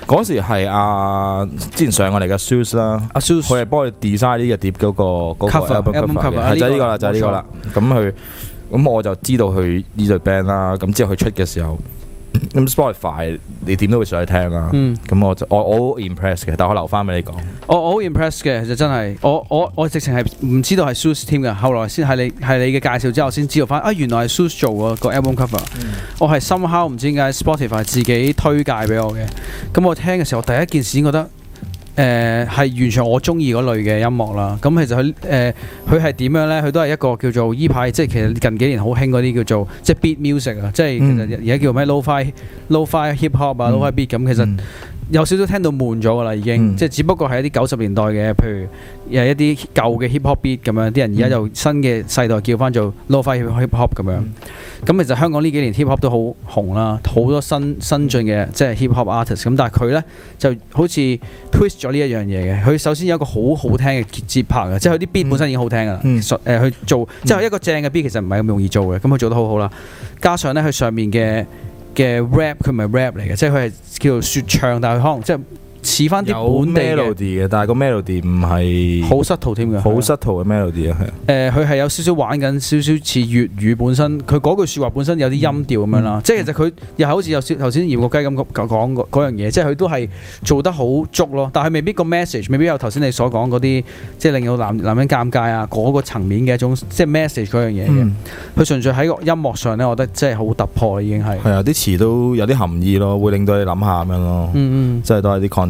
嗰時係之前上我嚟嘅 Suits 啦，阿 Suits 佢係幫佢 design 呢個碟嗰個 cover 就係呢個啦，就係呢個啦。咁佢咁我就知道佢呢隊 band 啦。咁之後佢出嘅時候。咁 Spotify 你點都會上去聽啊？咁、嗯、我就，我我 impressed 嘅，但我留翻俾你講。我我好 impressed 嘅，其實真係我我我直情係唔知道係 Suits Team 嘅，後來先係你係你嘅介紹之後先知道翻啊，原來係 Suits 做個 album cover。嗯、我係 somehow 唔知點解 Spotify 自己推介俾我嘅，咁我聽嘅時候第一件事已經覺得。誒係、呃、完全我中意嗰類嘅音樂啦，咁其實佢誒佢係點樣呢？佢都係一個叫做依、e、排，hi, 即係其實近幾年好興嗰啲叫做即係 beat music 啊，即係、嗯、其實而家叫咩 low fi low fi hip hop 啊、嗯、low fi beat 咁其實。嗯嗯有少少聽到悶咗㗎啦，已經，即係、嗯、只不過係一啲九十年代嘅，譬如誒一啲舊嘅 hip hop beat 咁樣，啲人而家就新嘅世代叫翻做 low fat hip hop 咁樣。咁其實香港呢幾年 hip hop 都好紅啦，好多新新進嘅即係 hip hop artist。咁但係佢呢就好似 twist 咗呢一樣嘢嘅。佢首先有一個好好聽嘅 j 拍嘅，即係佢啲 beat 本身已經好聽㗎啦。去、嗯呃、做，嗯、即係一個正嘅 beat 其實唔係咁容易做嘅。咁佢做得好好啦，加上呢佢上面嘅。嘅 rap 佢唔係 rap 嚟嘅，即係佢係叫做說唱大，但係可能即係。似翻啲本地嘅，但係個 melody 唔係好失調添嘅，好失調嘅 melody 啊，係、呃。誒，佢係有少少玩緊，少少似粵語本身。佢嗰句説話本身有啲音調咁樣啦。即係其實佢又係好似有少頭先鹽焗雞咁講講嗰樣嘢，即係佢都係做得好足咯。但係未必個 message 未必有頭先你所講嗰啲，即係令到男男人尷尬啊嗰、那個層面嘅一種，即係 message 嗰、嗯、樣嘢嘅。佢純粹喺個音樂上咧，我覺得即係好突破、嗯、已經係。係啊對，啲詞的都有啲含義咯，會令到你諗下咁樣咯。嗯嗯，即係都係啲 con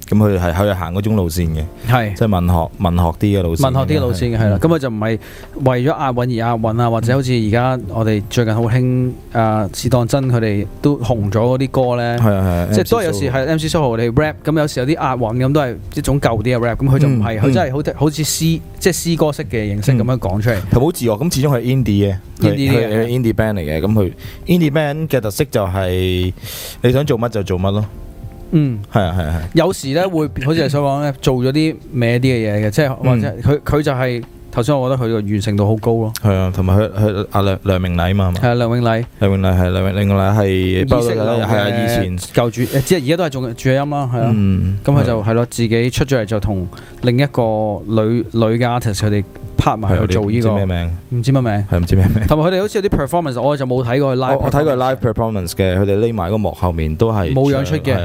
咁佢係喺度行嗰種路線嘅，係即係文學文學啲嘅路文學啲嘅路線嘅，係啦。咁佢就唔係為咗押韻而押韻啊，或者好似而家我哋最近好興啊，是當真佢哋都紅咗嗰啲歌咧，係啊，即係都有時係 MC Soho 我哋 rap。咁有時有啲押韻咁都係一種舊啲嘅 rap。咁佢就唔係，佢真係好好似詩，即係詩歌式嘅形式咁樣講出嚟。佢好自我，咁，始終係 indie 嘅，indie 嘅 indie band 嚟嘅。咁佢 indie band 嘅特色就係你想做乜就做乜咯。嗯，係啊，係啊，係、啊。有時咧會 (laughs) 好似你所講咧，做咗啲咩啲嘅嘢嘅，即係或者佢佢、嗯、就係、是。頭先我覺得佢個完成度好高咯，係啊，同埋佢佢阿梁梁永禮啊嘛，係啊，梁永禮，梁永禮係梁永，另外係係啊，以前舊主，只係而家都係做主音啦，係啊，咁佢就係咯，自己出咗嚟就同另一個女女嘅 artist 佢哋拍埋去做呢個咩名？唔知乜名，係唔知乜名，同埋佢哋好似有啲 performance，我就冇睇過佢 live。我睇過 live performance 嘅，佢哋匿埋個幕後面都係冇樣出嘅。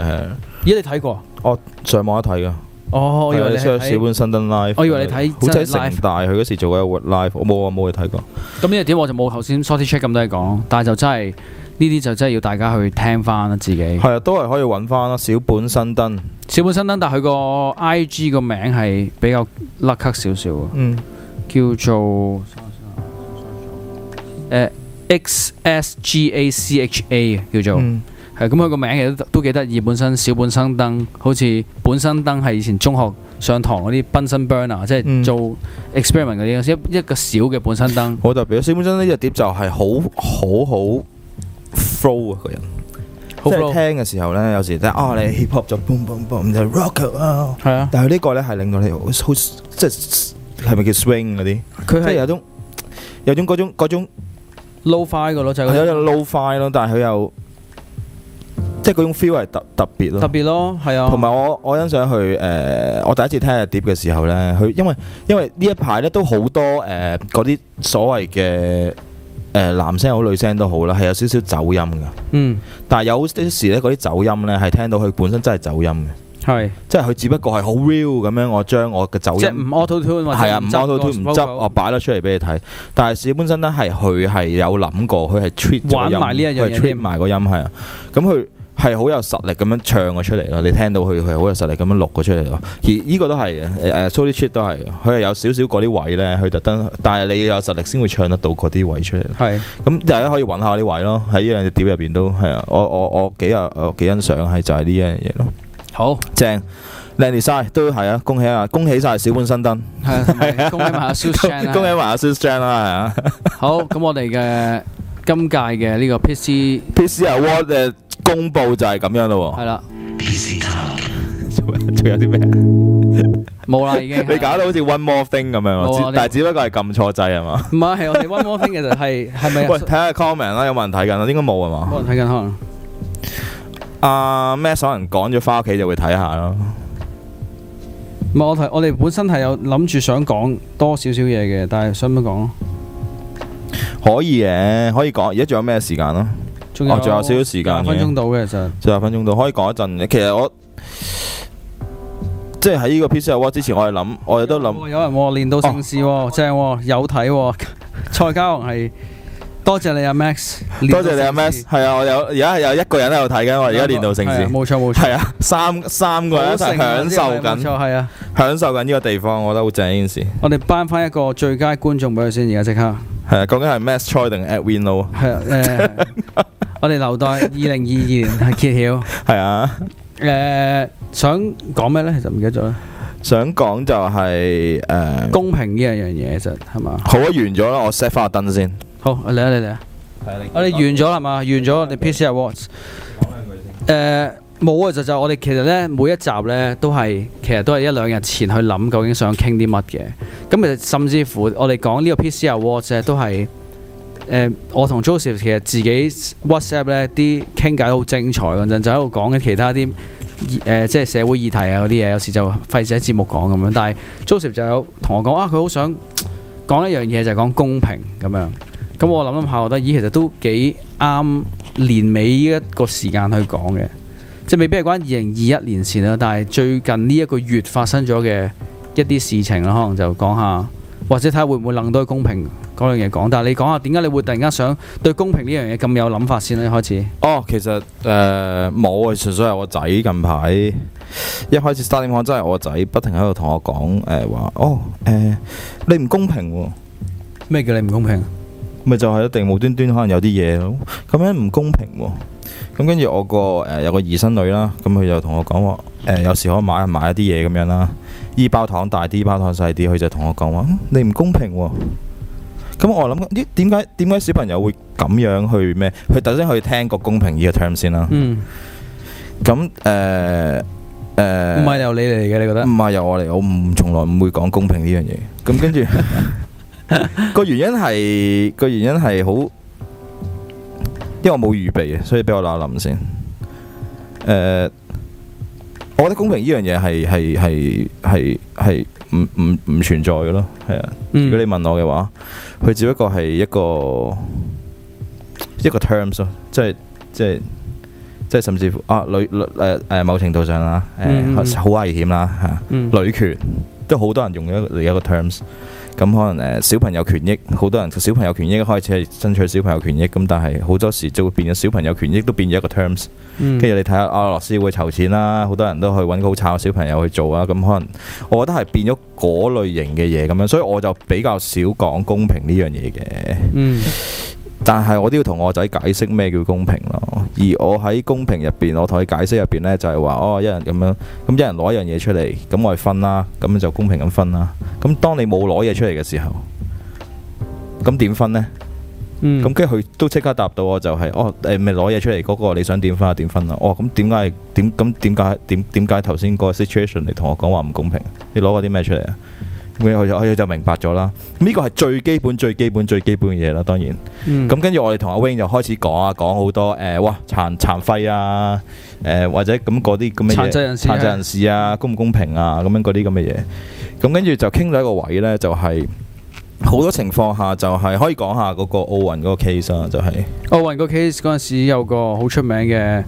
咦？你睇過？我上網一睇噶。哦，以為你睇小本生燈 live，我以為你睇，好似喺城大佢嗰時做過一個 live，我冇啊冇去睇過。咁呢個點我就冇頭先 Salty Chick 咁多嘢講，但係就真係呢啲就真係要大家去聽翻自己。係啊，都係可以揾翻啦，小本生燈。小本生燈，但係佢個 IG 個名係比較甩咳少少啊，叫做誒 XSGACHA 叫做。係咁，佢個名都都幾得意。本身小本生燈，好似本生燈係以前中學上堂嗰啲 Bunsen burner，即係做 experiment 嗰啲，一一個小嘅本生燈。我特別小本生呢個碟就係好好好 flow 啊，個人，好 flow 即係聽嘅時候咧，有時即、嗯、啊，你 hip hop 就 boom boom boom，就 rock 啊，係啊。但係呢個咧係令到你好即係係咪叫 swing 嗰啲？佢係它是 有種有種嗰種嗰種 lo-fi 嘅咯，就係、是那個、有種 lo-fi 咯，fi, 但係佢又。即係嗰種 feel 係特特別咯，特別咯，係啊。同埋我我欣賞佢誒，我第一次聽阿碟嘅時候咧，佢因為因為呢一排咧都好多誒嗰啲所謂嘅誒男聲好女聲都好啦，係有少少走音嘅。嗯。但係有啲時咧嗰啲走音咧係聽到佢本身真係走音嘅。係。即係佢只不過係好 real 咁樣，我將我嘅走音。即唔 a u t t u n 啊，唔 a u t 唔執，我擺咗出嚟俾你睇。但係事本身咧係佢係有諗過，佢係 t 音，玩埋呢一埋個音係啊。咁佢。係好有實力咁樣唱個出嚟咯，你聽到佢佢好有實力咁樣錄個出嚟咯。而呢個都係嘅，誒，so the t h 都係佢係有少少嗰啲位咧，佢特登，但係你要有實力先會唱得到嗰啲位出嚟。係，咁大家可以揾下啲位咯，喺呢兩隻碟入邊都係啊，我我我幾啊，我幾欣賞係就係呢一樣嘢咯。好，正，靚晒都係啊，恭喜啊，恭喜晒小本生燈。恭喜埋 Susie 恭喜埋 Susie 啦好，咁我哋嘅今屆嘅呢個 PC p 公布就係咁樣咯喎、哦是的。係啦。Pizzy SideTalk (laughs) 仲有仲有啲咩？冇啦，已經。你搞到好似 One More Thing 咁樣，了但係只不過係撳錯掣係嘛？唔係了的，我哋 One More Thing (laughs) 其實係係咪？是是喂，睇下 comment 啦，有冇人睇緊啊？應該冇係嘛？冇人睇緊可能。啊，咩？所有人講咗翻屋企就會睇下咯。唔係，我睇，我哋本身係有諗住想講多少少嘢嘅，但係想唔想講？可以嘅，可以講。而家仲有咩時間咯？仲有少少時間嘅，十分鐘到嘅其實，十分鐘到可以講一陣嘅。其實我即係喺呢個 PIZZY AWARDS 之前，我係諗，我哋都諗，有人連到聖士正有睇。蔡家雄係多謝你阿 Max，多謝你阿 Max。係啊，我有而家係有一個人喺度睇緊，我而家連到聖士，冇錯冇錯，係啊，三三個人一齊享受緊，係啊，享受緊呢個地方，我覺得好正呢件事。我哋頒翻一個最佳觀眾俾佢先，而家即刻。係啊，究竟係 Mass Troy 定 At Window 啊？係啊，誒，我哋留待二零二二年係揭曉。係啊，誒，想講咩咧？就唔記得咗啦。想講就係誒，公平呢樣嘢，其實係嘛？好啊，完咗啦，我 set 翻個燈先。好，嚟啊嚟啊，我哋完咗啦嘛，完咗，你 Pizzy Awards。講兩句先。誒。冇啊！就就是、我哋其實咧，每一集咧都係其實都係一兩日前去諗，究竟想傾啲乜嘅。咁其實甚至乎我哋講呢個 PIZZY AWARDS 都係誒、呃，我同 Joseph 其實自己 WhatsApp 咧啲傾偈好精彩嗰陣，就喺度講緊其他啲誒、呃、即係社會議題啊嗰啲嘢，有時就費、啊、事喺節目講咁樣。但係 Joseph 就有同我講啊，佢好想講一樣嘢，就係講公平咁樣。咁我諗諗下，覺得咦，其實都幾啱年尾呢一個時間去講嘅。即未必係關二零二一年前啦，但係最近呢一個月發生咗嘅一啲事情啦，可能就講下，或者睇下會唔會諗到公平嗰樣嘢講。但係你講下點解你會突然間想對公平呢樣嘢咁有諗法先呢、哦呃？一開始,開始、呃、哦，其實誒冇啊，純粹係我仔近排一開始 starting 真係我仔不停喺度同我講誒話哦誒你唔公平喎？咩叫你唔公平？咪就係一定無端端可能有啲嘢咁樣唔公平喎、啊？咁跟住我個誒有個二孫女啦，咁佢就同我講話，誒有時可以買買一啲嘢咁樣啦，一包糖大啲，一包糖細啲，佢就同我講話，你唔公平喎。咁我諗咦點解點解小朋友會咁樣去咩？佢特登去聽個公平呢個 term 先啦。嗯。咁誒誒，唔係由你嚟嘅？你覺得？唔係由我嚟，我唔從來唔會講公平呢樣嘢。咁跟住個原因係個原因係好。因為我冇預備，所以俾我嗱臨先。誒、uh，我覺得公平呢樣嘢係係係係係唔唔唔存在嘅咯，係啊。嗯、如果你問我嘅話，佢只不過係一個一個，個 terms 咯，即係即係即係甚至乎啊女女誒、呃呃、某程度上啦，誒、呃、好、嗯、危險啦嚇，嗯、女權都好多人用咗嚟一個 terms。咁可能誒、呃、小朋友權益，好多人小朋友權益開始係爭取小朋友權益，咁但係好多時就會變咗小朋友權益都變咗一個 terms，跟住、嗯、你睇下阿羅斯會籌錢啦、啊，好多人都去揾個好慘嘅小朋友去做啊，咁可能我覺得係變咗嗰類型嘅嘢咁樣，所以我就比較少講公平呢樣嘢嘅。但係我都要同我仔解釋咩叫公平咯，而我喺公平入邊，我同佢解釋入邊呢就係話哦，一人咁樣，咁一人攞一樣嘢出嚟，咁我哋分啦，咁就公平咁分啦。咁當你冇攞嘢出嚟嘅時候，咁點分呢？嗯，咁跟住佢都即刻答到我就係哦，誒，咪攞嘢出嚟嗰個你想點分啊？點分啊？哦，咁點解係點？咁點解點點解頭先嗰個 situation 嚟同我講話唔公平？你攞過啲咩出嚟啊？咁佢就開始就明白咗啦。呢、這個係最基本最基本最基本嘅嘢啦。當然，咁、嗯、跟住我哋同阿 Wing 就開始講、呃、啊，講好多誒，哇殘殘廢啊，誒或者咁嗰啲咁嘅殘疾人士啊，公唔公平啊，咁樣嗰啲咁嘅嘢。咁跟住就傾咗一個位咧，就係、是、好多情況下就係可以講下嗰個奧運嗰個 case 啊，就係奧運嗰個 case 嗰陣時有個好出名嘅誒、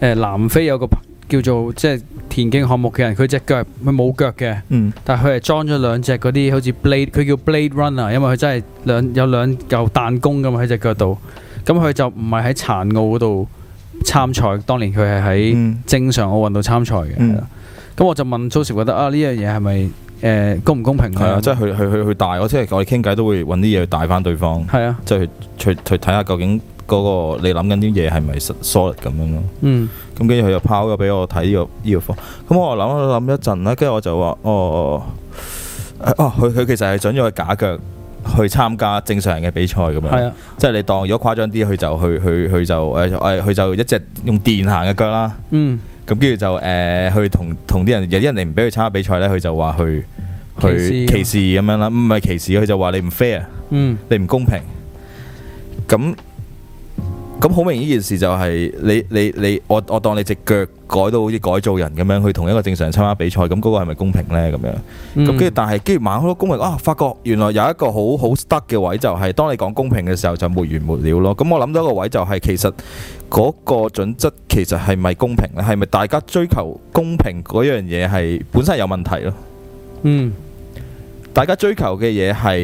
呃、南非有個叫做即係。田徑項目嘅人，佢隻腳佢冇腳嘅，嗯、但係佢係裝咗兩隻嗰啲好似 blade，佢叫 blade runner，因為佢真係兩有兩嚿彈弓咁喺隻腳度，咁佢就唔係喺殘奧嗰度參賽，當年佢係喺正常奧運度參賽嘅，咁我就問 Jo Sir 覺得啊呢樣嘢係咪誒公唔公平啊？係啊，即係去去去去大，我即係講你傾偈都會揾啲嘢去大翻對方，係啊是的，即係去去睇下究竟。嗰、那個你諗緊啲嘢係咪 solid 咁樣咯？咁跟住佢就拋咗俾我睇呢、這個呢、這個方。咁我諗啊諗一陣啦，跟住我就話哦哦佢佢其實係準咗個假腳去參加正常人嘅比賽咁樣，係是啊，即係你當如果誇張啲，佢就去去去就誒佢、呃、就一隻用電行嘅腳啦。咁跟住就誒去同同啲人有啲人唔俾佢參加比賽咧，佢就話去去歧視咁樣啦，唔係歧視，佢就話你唔 fair，、嗯、你唔公平咁。咁好明顯呢件事就係你你你我我當你隻腳改到好似改造人咁樣去同一個正常人參加比賽，咁嗰個係咪公平呢？咁樣，咁跟住，但係跟住問好多公衆啊，發覺原來有一個好好 stuck 嘅位，就係當你講公平嘅時候就沒完沒了咯。咁我諗到一個位就係其實嗰個準則其實係咪公平呢？係咪大家追求公平嗰樣嘢係本身係有問題咯？嗯，大家追求嘅嘢係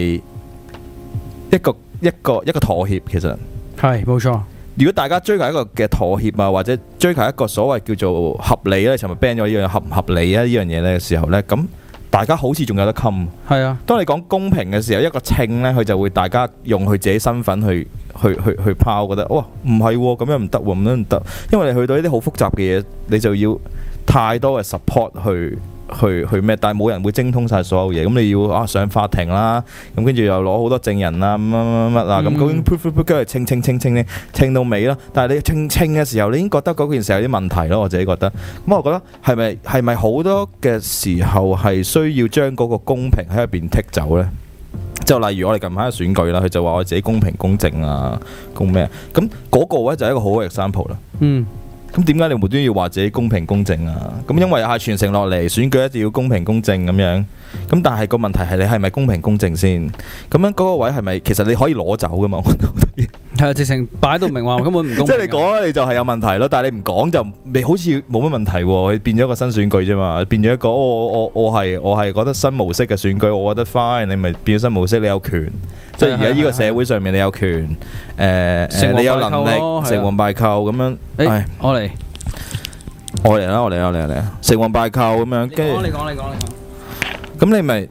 一個一個一個妥協，其實係冇錯。如果大家追求一個嘅妥協啊，或者追求一個所謂叫做合理，咧，尋日 ban 咗一樣，呃，合唔合理，呃，呢樣嘢咧嘅時候咧，咁大家好似仲有得冚。係啊。當你講公平嘅時候，一個稱咧，佢就會大家用佢自己身份去去去去拋，覺得哇唔係喎，咁樣唔得喎，咁樣唔得，因為你去到呢啲好複雜嘅嘢，你就要太多嘅 support 去。去去咩？但係冇人會精通曬所有嘢，咁你要啊上法庭啦，咁跟住又攞好多證人啦，乜乜乜啊，咁咁 proof proof proof 跟住清清清清清清到尾啦。但係你清清嘅時候，你已經覺得嗰件事有啲問題咯，我自己覺得。咁我覺得係咪係咪好多嘅時候係需要將嗰個公平喺入邊剔走呢？就例如我哋近排嘅選舉啦，佢就話我自己公平公正啊，公咩？咁嗰個位就係一個好嘅 example 啦。嗯。咁點解你無端端要話自己公平公正啊？咁因為係傳承落嚟，選舉一定要公平公正咁樣。咁但係個問題係你係咪公平公正先？咁樣嗰個位係咪其實你可以攞走噶嘛？我 (laughs) 係啊，直情擺到明話，我根本唔公。即係你講，你就係有問題咯。但係你唔講，就未好似冇乜問題。你變咗個新選舉啫嘛，變咗一個我我我我係我係覺得新模式嘅選舉，我覺得 fine。你咪變咗新模式，你有權。即係而家呢個社會上面，你有權。誒，你有能力，成王敗寇咁樣。係，我嚟，我嚟啦，我嚟啦，我嚟啊嚟啊！成王敗寇咁樣。你講，你講，你講。咁你咪。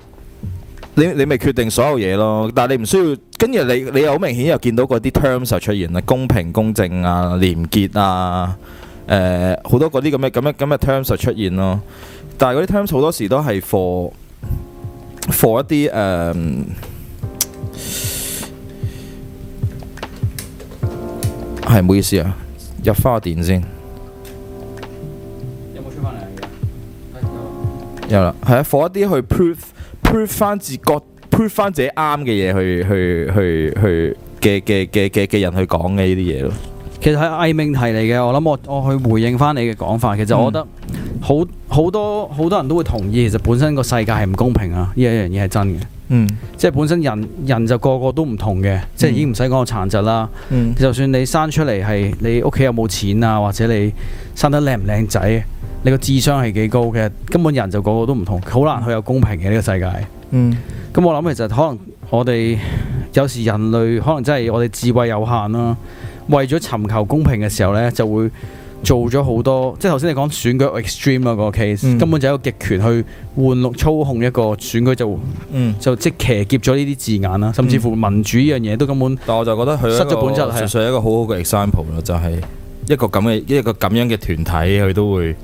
你你咪決定所有嘢咯，但係你唔需要。跟住你你又好明顯又見到嗰啲 terms 就出現啦，公平公正啊、廉潔啊、誒，好多嗰啲咁嘅咁嘅咁嘅 terms 就出現咯。但係嗰啲 terms 好多時都係 for for 一啲誒，係唔好意思啊！入花電先，有冇出翻嚟？有啦，係啊，for 一啲去 proof。prove 翻自己 prove 翻自己啱嘅嘢去去去去嘅嘅嘅嘅嘅人去講嘅呢啲嘢咯，其實係偽命題嚟嘅。我諗我我去回應翻你嘅講法，其實我覺得好好多好多人都會同意。其實本身個世界係唔公平啊，呢一樣嘢係真嘅。嗯，即係本身人人就個個都唔同嘅，即係已經唔使講個殘疾啦。嗯，就算你生出嚟係你屋企有冇錢啊，或者你生得靚唔靚仔？你個智商係幾高？嘅？根本人就個個都唔同，好難去有公平嘅呢、這個世界。咁、嗯、我諗其實可能我哋有時人類可能真係我哋智慧有限啦、啊。為咗尋求公平嘅時候呢，就會做咗好多。即係頭先你講選舉 extreme 嗰、那個 case，、嗯、根本就係一個極權去玩弄操控一個選舉，就會、嗯、就即騎劫咗呢啲字眼啦。甚至乎民主呢樣嘢都根本，嗯、但我就覺得佢失咗本質，係純粹一個，一個好好嘅 example 咯，就係、是、一個咁嘅一個咁樣嘅團體，佢都會。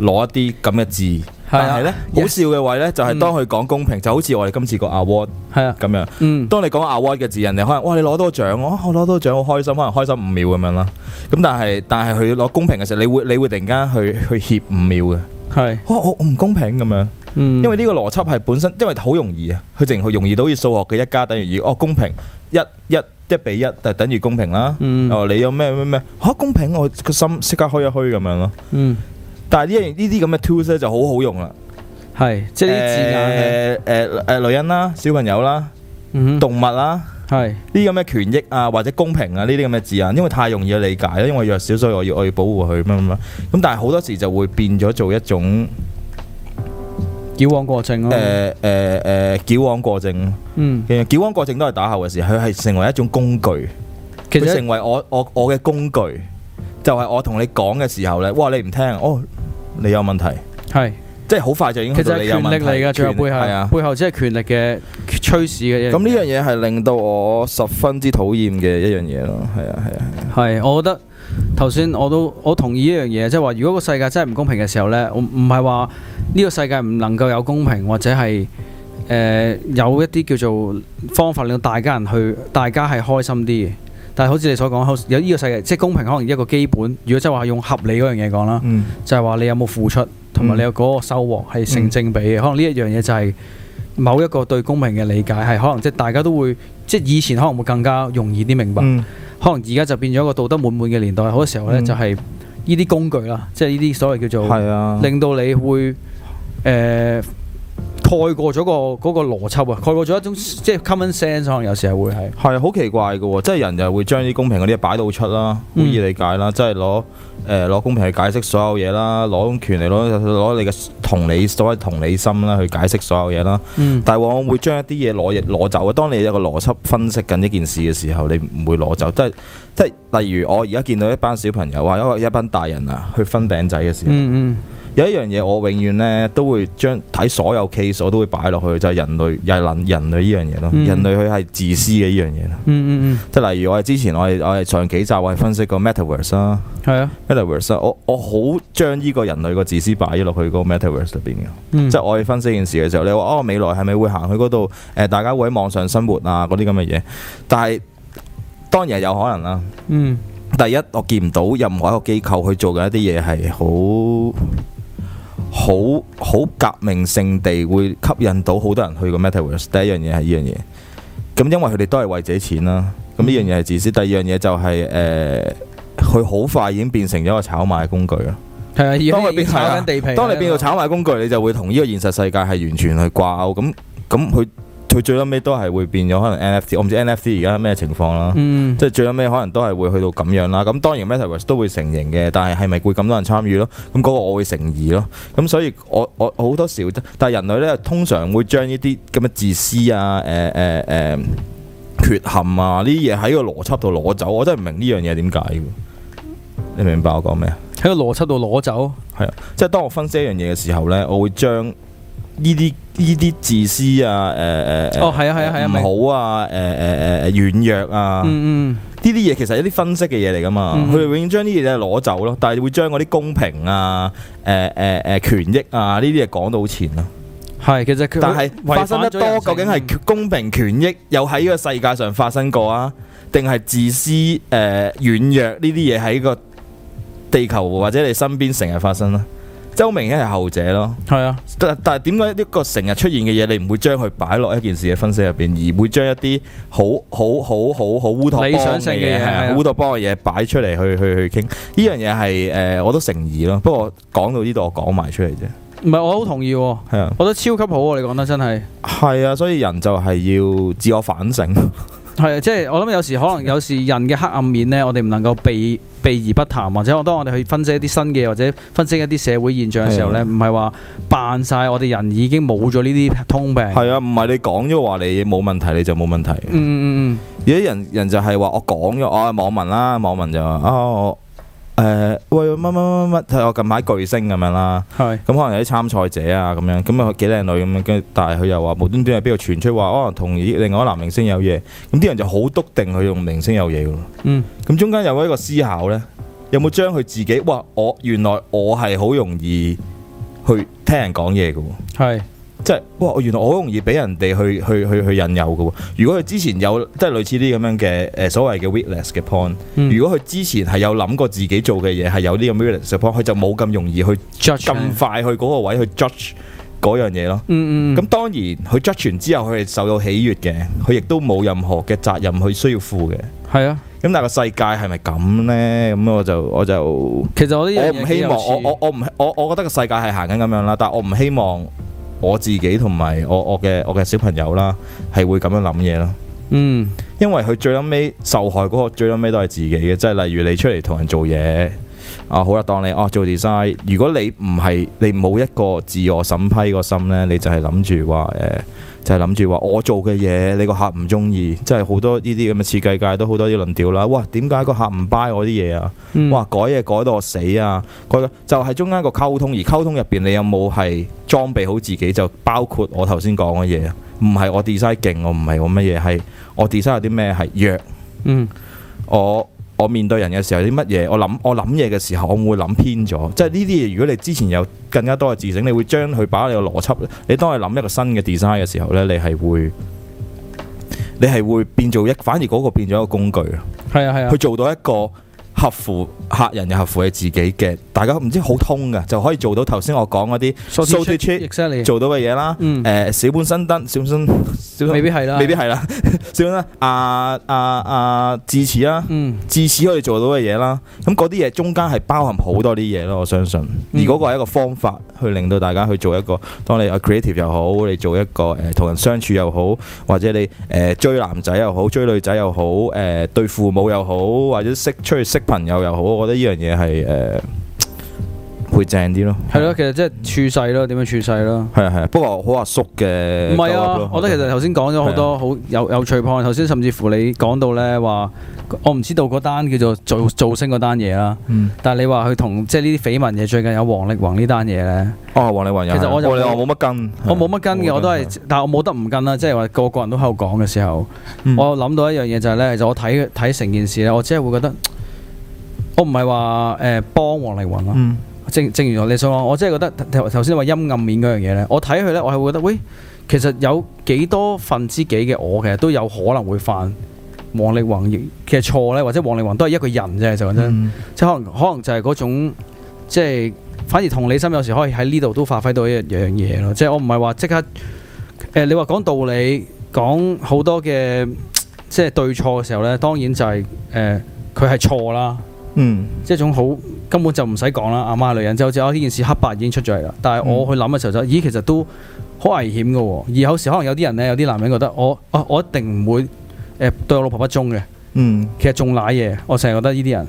攞一啲咁嘅字，但係咧好笑嘅位咧就係當佢講公平，就好似我哋今次個 award 係啊咁樣。嗯，當你講 award 嘅字，人哋可能哇，你攞多獎我，我攞多獎好開心，可能開心五秒咁樣啦。咁但係但係佢攞公平嘅時候，你會你會突然間去去怯五秒嘅係哇，我我唔公平咁樣。嗯，因為呢個邏輯係本身因為好容易啊，佢淨係容易到好似數學嘅一加等於二哦，公平一一一比一就等於公平啦。嗯，哦你有咩咩咩哦公平，我個心即刻虛一虛咁樣咯。嗯。但係呢呢啲咁嘅 tools 就好好用啦，係即係啲字眼、呃，誒誒誒女人啦，小朋友啦、呃，動物啦，係呢啲咁嘅權益啊、呃、或者公平啊呢啲咁嘅字啊，因為太容易理解啦，因為弱小，所以我要我要保護佢咁樣咁，咁但係好多時就會變咗做一種矯枉過正咯，誒誒誒矯枉過正，嗯，矯枉過正都係打後嘅事，佢係成為一種工具，其實成為我我我嘅工具，就係、是、我同你講嘅時候咧，哇你唔聽哦。哦哦你有問題，係是即係好快就已經其實權力嚟噶，力最後背後，是啊，背後只係權力嘅趨勢嘅嘢。咁呢樣嘢係令到我十分之討厭嘅一樣嘢咯。係啊，係啊，係、啊。我覺得頭先我都我同意一樣嘢，即係話如果個世界真係唔公平嘅時候呢，唔唔係話呢個世界唔能夠有公平，或者係誒、呃、有一啲叫做方法令到大家人去，大家係開心啲但係好似你所講，有呢個世界即係公平，可能一個基本。如果即係話用合理嗰樣嘢講啦，嗯、就係話你有冇付出，同埋你有嗰個收穫係成正比嘅。嗯、可能呢一樣嘢就係某一個對公平嘅理解係可能即係大家都會即係以前可能會更加容易啲明白。嗯、可能而家就變咗一個道德滿滿嘅年代，好多時候呢，嗯、就係呢啲工具啦，即係呢啲所謂叫做是、啊、令到你會、呃蓋過咗個嗰個邏輯啊，蓋過咗一種即係 common sense 可能有時候係會係係好奇怪嘅喎，即係人又會將啲公平嗰啲擺到出啦，換而、嗯、理解啦，即係攞誒攞公平去解釋所有嘢啦，攞權力攞攞你嘅同理所謂同理心啦去解釋所有嘢啦，嗯、但係往往會將一啲嘢攞攞走嘅。當你有個邏輯分析緊呢件事嘅時候，你唔會攞走。即係即係例如我而家見到一班小朋友啊，因為一班大人啊去分餅仔嘅時候。嗯嗯有一樣嘢我永遠咧都會將睇所有 case，我都會擺落去就係、是、人類，又係人類呢樣嘢咯。嗯、人類佢係自私嘅呢樣嘢嗯嗯嗯。即係例如我係之前我係我係上幾集我係分析過 Metaverse 啦、嗯嗯嗯 Met。係啊。Metaverse 啊，我我好將呢個人類個自私擺咗落去嗰 Metaverse 入邊嘅。即係、嗯嗯、我係分析件事嘅時候，你話哦未來係咪會行去嗰度？誒，大家會喺網上生活啊嗰啲咁嘅嘢，但係當然係有可能啦。嗯。第一，我見唔到任何一個機構去做嘅一啲嘢係好。好好革命性地會吸引到好多人去個 Metaverse，第一樣嘢係呢樣嘢。咁因為佢哋都係為自己錢啦。咁呢樣嘢係自私。第二樣嘢就係、是、誒，佢、呃、好快已經變成咗個炒賣工具咯。係啊的，當佢變，炒緊地皮，當你變到炒賣工具，你就會同呢個現實世界係完全去掛鈎。咁咁佢。佢最屘尾都係會變咗，可能 NFT，我唔知 NFT 而家咩情況啦。嗯，即係最屘尾可能都係會去到咁樣啦。咁當然 Metaverse 都會成形嘅，但係係咪會咁多人參與咯？咁嗰個我會誠疑咯。咁所以我，我我好多時但係人類咧通常會將呢啲咁嘅自私啊、誒誒誒缺陷啊呢啲嘢喺個邏輯度攞走。我真係唔明呢樣嘢點解。你明唔明白我講咩啊？喺個邏輯度攞走。係啊，即係當我分析一樣嘢嘅時候咧，我會將。呢啲呢啲自私啊，誒、呃、誒哦，係啊係啊係啊，好啊，誒誒誒軟弱啊，嗯嗯，呢啲嘢其實一啲分析嘅嘢嚟㗎嘛，佢哋、嗯、永遠將呢啲嘢攞走咯，但係會將嗰啲公平啊，誒誒誒權益啊呢啲嘢講到好前咯，係其實，但係發生得多，究竟係公平權益又喺呢個世界上發生過啊，定係自私誒、呃、軟弱呢啲嘢喺個地球或者你身邊成日發生咧？周明顯係後者咯，係啊，但但係點解呢個成日出現嘅嘢，你唔會將佢擺落一件事嘅分析入邊，而會將一啲好好好好好烏托邦嘅嘢，理想性嘅嘢，啊、烏托邦嘅嘢擺出嚟去去去傾？呢樣嘢係誒，我都誠意咯。不過講到呢度，我講埋出嚟啫。唔係，我好同意喎，係啊，啊我覺得超級好喎、啊，你講得真係。係啊，所以人就係要自我反省。 (laughs) 係啊，即係我諗有時可能有時人嘅黑暗面呢，我哋唔能夠避避而不談，或者我當我哋去分析一啲新嘅或者分析一啲社會現象嘅時候呢，唔係話扮晒我哋人已經冇咗呢啲通病。係啊，唔係你講咗話你冇問題，你就冇問題。嗯嗯嗯。而家人人就係話我講咗啊，網民啦，網民就話啊。哦誒喂，乜乜乜乜，睇我近排巨星咁樣啦，咁可能有啲參賽者啊咁樣，咁啊佢幾靚女咁樣，跟住但係佢又話無端端喺邊度傳出話可能，同另外一男明星有嘢，咁啲人就好篤定佢用明星有嘢嘅喎。嗯，咁中間有冇一個思考咧？有冇將佢自己哇，我原來我係好容易去聽人講嘢嘅喎？係。即係哇！原來我好容易俾人哋去去去去引誘嘅、哦。如果佢之前有即係類似啲咁樣嘅誒所謂嘅 weakness 嘅 point，嗯、如果佢之前係有諗過自己做嘅嘢係有呢咁 weakness 嘅 point 佢就冇咁容易去 judge 咁快去嗰個位去 judge 嗰樣嘢咯。咁、嗯嗯、當然佢 judge 完之後，佢係受到喜悅嘅，佢亦都冇任何嘅責任去需要負嘅。係是啊。咁但係個世界係咪咁呢？咁我就我就其實我啲我唔希望我我我唔覺得個世界係行緊咁樣啦，但係我唔希望。我自己同埋我我嘅我嘅小朋友啦，係會咁樣諗嘢咯。嗯，因為佢最後尾受害嗰個，最後尾都係自己嘅，即係例如你出嚟同人做嘢。啊好啦，當你哦做 design，如果你唔係你冇一個自我審批個心呢，你就係諗住話誒，就係諗住話我做嘅嘢你個客唔中意。即係好多呢啲咁嘅設計界都好多啲論調啦。哇，點解個客唔 buy 我啲嘢啊？哇，改嘢改到我死啊！嗯、就中間個就係中間個溝通，而溝通入邊你有冇係裝備好自己？就包括我頭先講嘅嘢，唔係我 design 勁，我唔係我乜嘢，係我 design 有啲咩係弱？嗯，我。我面對人嘅時候有啲乜嘢，我諗我諗嘢嘅時候，我會唔會諗偏咗？即係呢啲嘢，如果你之前有更加多嘅自省，你會將佢擺喺你嘅邏輯，你當係諗一個新嘅 design 嘅時候咧，你係會你係會變做一，反而嗰個變咗一個工具啊，係啊係啊，去做到一個。合乎客人又合乎你自己嘅，大家唔知好通嘅，就可以做到頭先我講嗰啲，做到嘅嘢啦。誒小本生燈，小本生，done，小本生、嗯、未必係啦，未必係啦。小算啦，啊啊啊智齒啦，智齒可以做到嘅嘢啦。咁嗰啲嘢中間係包含好多啲嘢咯，我相信。而嗰個係一個方法去令到大家去做一個當你 creative 又好，你做一個誒同、呃、人相處又好，或者你誒、呃、追男仔又好，追女仔又好，誒、呃、對父母又好，或者識出去識。朋友又好，我覺得依樣嘢係誒會正啲咯。係咯，其實即係處世咯，點樣處世咯？係啊係。不過好阿叔嘅，唔係啊。我覺得其實頭先講咗好多好有有趣。判。頭先甚至乎你講到咧話，我唔知道嗰單叫做做造星嗰單嘢啦。嗯。但係你話佢同即係呢啲緋聞嘢，最近有王力宏呢單嘢咧。哦，王力宏有。其實我冇乜跟，我冇乜跟嘅，我都係。但係我冇得唔跟啦，即係話個個人都喺度講嘅時候，我諗到一樣嘢就係咧，就我睇睇成件事咧，我只係會覺得。我唔係話誒幫王力宏咯，嗯、正正如你所講，我真係覺得頭先話陰暗面嗰樣嘢咧，我睇佢咧，我係會覺得喂、哎，其實有幾多分之幾嘅我其實都有可能會犯王力宏嘅錯咧，或者王力宏都係一個人啫，就講、是、真，嗯、即係可能可能就係嗰種即係反而同理心有時可以喺呢度都發揮到一樣嘢咯。即係我唔係話即刻誒、呃，你話講道理講好多嘅即係對錯嘅時候咧，當然就係誒佢係錯啦。嗯即，即係一種好根本就唔使講啦，阿媽女人就就呢件事黑白已經出咗嚟啦。但係我去諗嘅時候就，咦，其實都好危險嘅喎、哦。而有時可能有啲人呢，有啲男人覺得我啊，我一定唔會誒、呃、對我老婆不忠嘅。嗯，其實仲賴嘢，我成日覺得呢啲人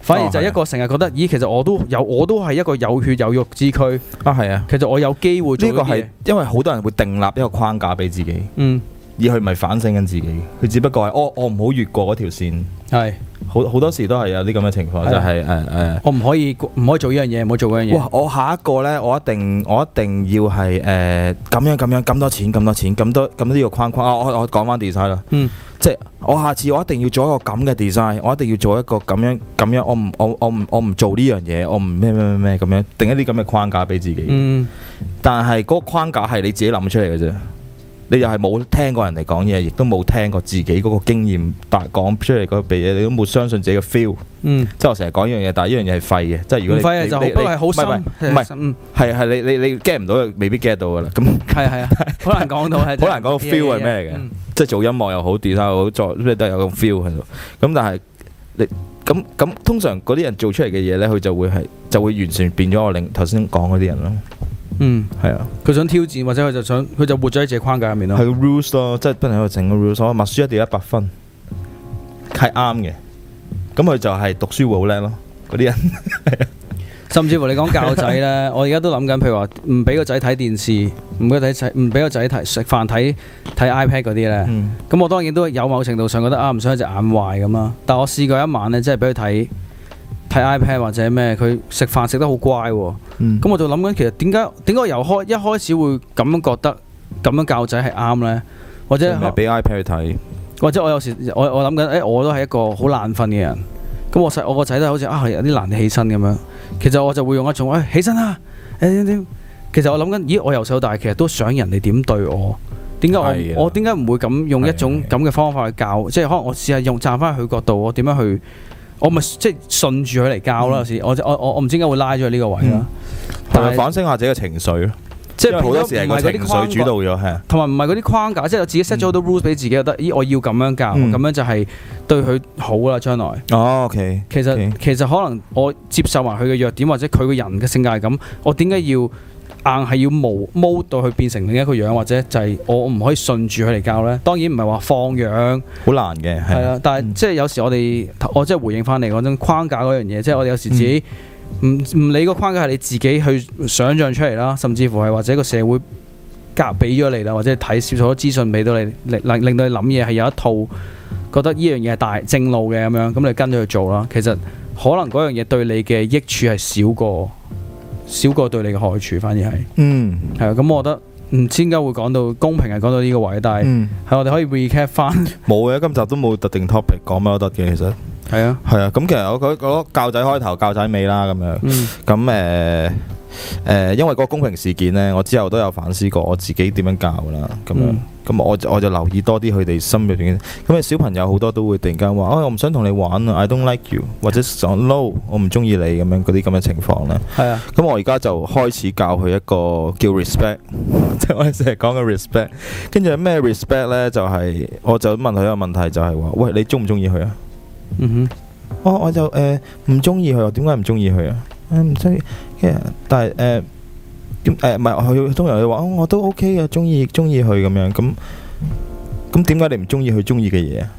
反而就一個成日覺得，咦，其實我都有我都係一個有血有肉之軀啊，係啊，其實我有機會做。呢個係因為好多人會定立一個框架俾自己，而佢咪反省緊自己，佢只不過係，哦，我唔好越過嗰條線。係，好好 (music) 多時都係有啲咁嘅情況，就係誒誒，我唔可以唔可以做呢樣嘢，唔好做嗰樣嘢。哇！我下一個咧，我一定我一定要係誒咁樣咁樣咁多錢咁多錢咁多咁呢個框框。我我、啊、講翻 design 啦、嗯。即係我下次我一定要做一個咁嘅 design，我一定要做一個咁樣咁樣。我唔我我唔我唔做呢樣嘢，我唔咩咩咩咩咁樣，定一啲咁嘅框架俾自己。但係嗰個框架係你自己諗出嚟嘅啫。嗯。你又係冇聽過人哋講嘢，亦都冇聽過自己嗰個經驗，但係講出嚟嗰鼻嘢，你都冇相信自己嘅 feel。即係我成日講呢樣嘢，但係呢樣嘢係廢嘅。即係如果你唔係，唔係，唔係，係，你你你 get 唔到，未必 get 到噶啦。咁係啊係啊，好難講到。係。好難講 feel 係咩嘅？即係做音樂又好，電音又好，再咩都有個 feel 喺度。咁但係你咁咁，通常嗰啲人做出嚟嘅嘢咧，佢就會係就會完全變咗我頭先講嗰啲人咯。嗯，係啊，佢想挑戰或者佢就想佢就活咗喺自己框架入面咯，係 rules 咯，即係不停喺度整 rules，我默書一定要一百分，係啱嘅，咁佢就係讀書會好叻咯，嗰啲人，甚至乎你講教仔咧，我而家都諗緊，譬如話唔俾個仔睇電視，唔俾睇睇，唔俾個仔睇食飯睇睇 iPad 嗰啲咧，咁我當然都有某程度上覺得啊，唔想佢隻眼壞咁啦，但係我試過一晚咧，即係俾佢睇。睇 iPad 或者咩，佢食飯食得好乖，咁我就諗緊，其實點解點解由開一開始會咁樣覺得咁樣教仔係啱呢？或者係俾 iPad 去睇，或者我有時我我諗緊，誒，我都係一個好懶瞓嘅人，咁我細我個仔都好似啊有啲難起身咁樣，其實我就會用一種誒起身啦，誒，其實我諗緊，咦，我由細到大其實都想人哋點對我，點解我我點解唔會咁用一種咁嘅方法去教，即係可能我試下用站翻佢角度，我點樣去？我咪即係順住佢嚟教咯，有時我我我唔知點解會拉咗喺呢個位啦。但係反省下自己嘅情緒咯，即係好多時係個情緒主導咗，係同埋唔係嗰啲框架，框架嗯、即係我自己 set 咗好多 rules 俾自己，覺得咦，我要咁樣教，咁、嗯、樣就係對佢好啦，將來。哦、o、okay, k、okay、其實其實可能我接受埋佢嘅弱點，或者佢個人嘅性格係咁，我點解要？硬係要 mould mould 到佢變成另一個樣，或者就係我唔可以順住佢嚟教呢？當然唔係話放養，好難嘅。係啊，但係、嗯、即係有時我哋，我即係回應翻嚟講緊框架嗰樣嘢，即係我哋有時自己唔唔、嗯、理個框架係你自己去想像出嚟啦，甚至乎係或者個社會夾俾咗你啦，或者睇少咗資訊俾到你，令，令到你諗嘢係有一套，覺得呢樣嘢係大正路嘅咁樣，咁你跟住去做啦。其實可能嗰樣嘢對你嘅益處係少過。少過對你嘅害處，反而係，嗯，係啊，咁我覺得唔知點解會講到公平係講到呢個位，但係係我哋可以 recap 翻冇嘅，今集都冇特定 topic 講乜都得嘅，其實係啊係啊。咁其實我覺得覺得教仔開頭教仔尾啦咁樣，咁誒。誒、呃，因為個公平事件呢，我之後都有反思過我自己點樣教啦。咁樣，咁、嗯、我就我就留意多啲佢哋心入邊。咁啊，小朋友好多都會突然間話、哎，我唔想同你玩啊！I don't like you，或者想 no，我唔中意你咁樣嗰啲咁嘅情況啦。係是啊。咁我而家就開始教佢一個叫 respect，即 (laughs) 係我成日講嘅 respect。跟住咩 respect 呢？就係、是、我就問佢一個問題，就係、是、話，喂，你中唔中意佢啊？我我就誒唔中意佢，點解唔中意佢啊？唔中意，跟住但係誒，誒唔係佢通常佢話我都 OK 嘅，中意中意佢咁樣，咁咁點解你唔中意佢中意嘅嘢啊？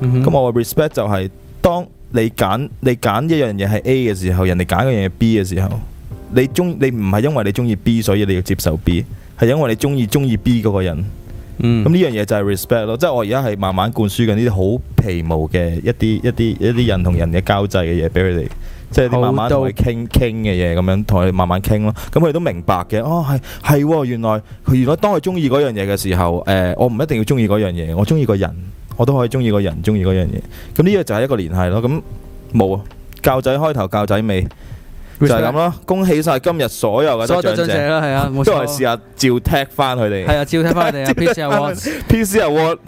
咁我 respect 就係當你揀你揀一樣嘢係 A 嘅時候，人哋揀一樣嘢係 B 嘅時候，你中你唔係因為你中意 B 所以你要接受 B，係因為你中意中意 B 嗰個人。咁呢樣嘢就係 respect 咯，即係我而家係慢慢灌輸緊呢啲好皮毛嘅一啲一啲一啲人同人嘅交際嘅嘢俾佢哋。即係你慢慢同佢傾傾嘅嘢咁樣，同佢慢慢傾咯。咁佢都明白嘅。哦，係係喎，原來佢原來當佢中意嗰樣嘢嘅時候，誒，我唔一定要中意嗰樣嘢，我中意個人，我都可以中意個人，中意嗰樣嘢。咁呢個就係一個聯繫咯。咁冇啊，教仔開頭教仔尾就係咁咯。恭喜曬今日所有嘅得獎者。得獎者啦，係啊，冇錯。都係試下照踢翻佢哋。係啊，照踢翻佢哋啊。PIZZY AWARDS，PIZZY AWARDS。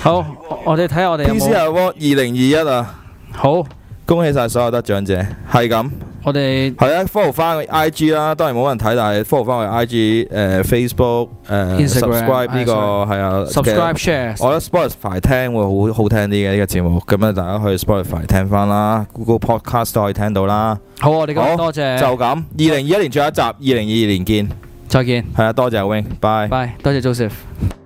好，我哋睇下我哋有冇。PIZZY AWARDS 二零二一啊。好。恭喜晒所有得獎者，係咁。我哋們係啊，follow 翻 I G 啦，當然冇人睇，但係 follow 翻我 I G 誒 Facebook 誒 subscribe 呢個係啊，subscribe share。我覺得 Spotify 聽會好好聽啲嘅呢個節目，咁啊大家去 Spotify 聽翻啦，Google Podcast 都可以聽到啦。好，我哋今日多謝好，就咁。二零二一年最後一集，二零二二年見，再見。係啊，多謝阿 wing，bye bye，多謝 Joseph。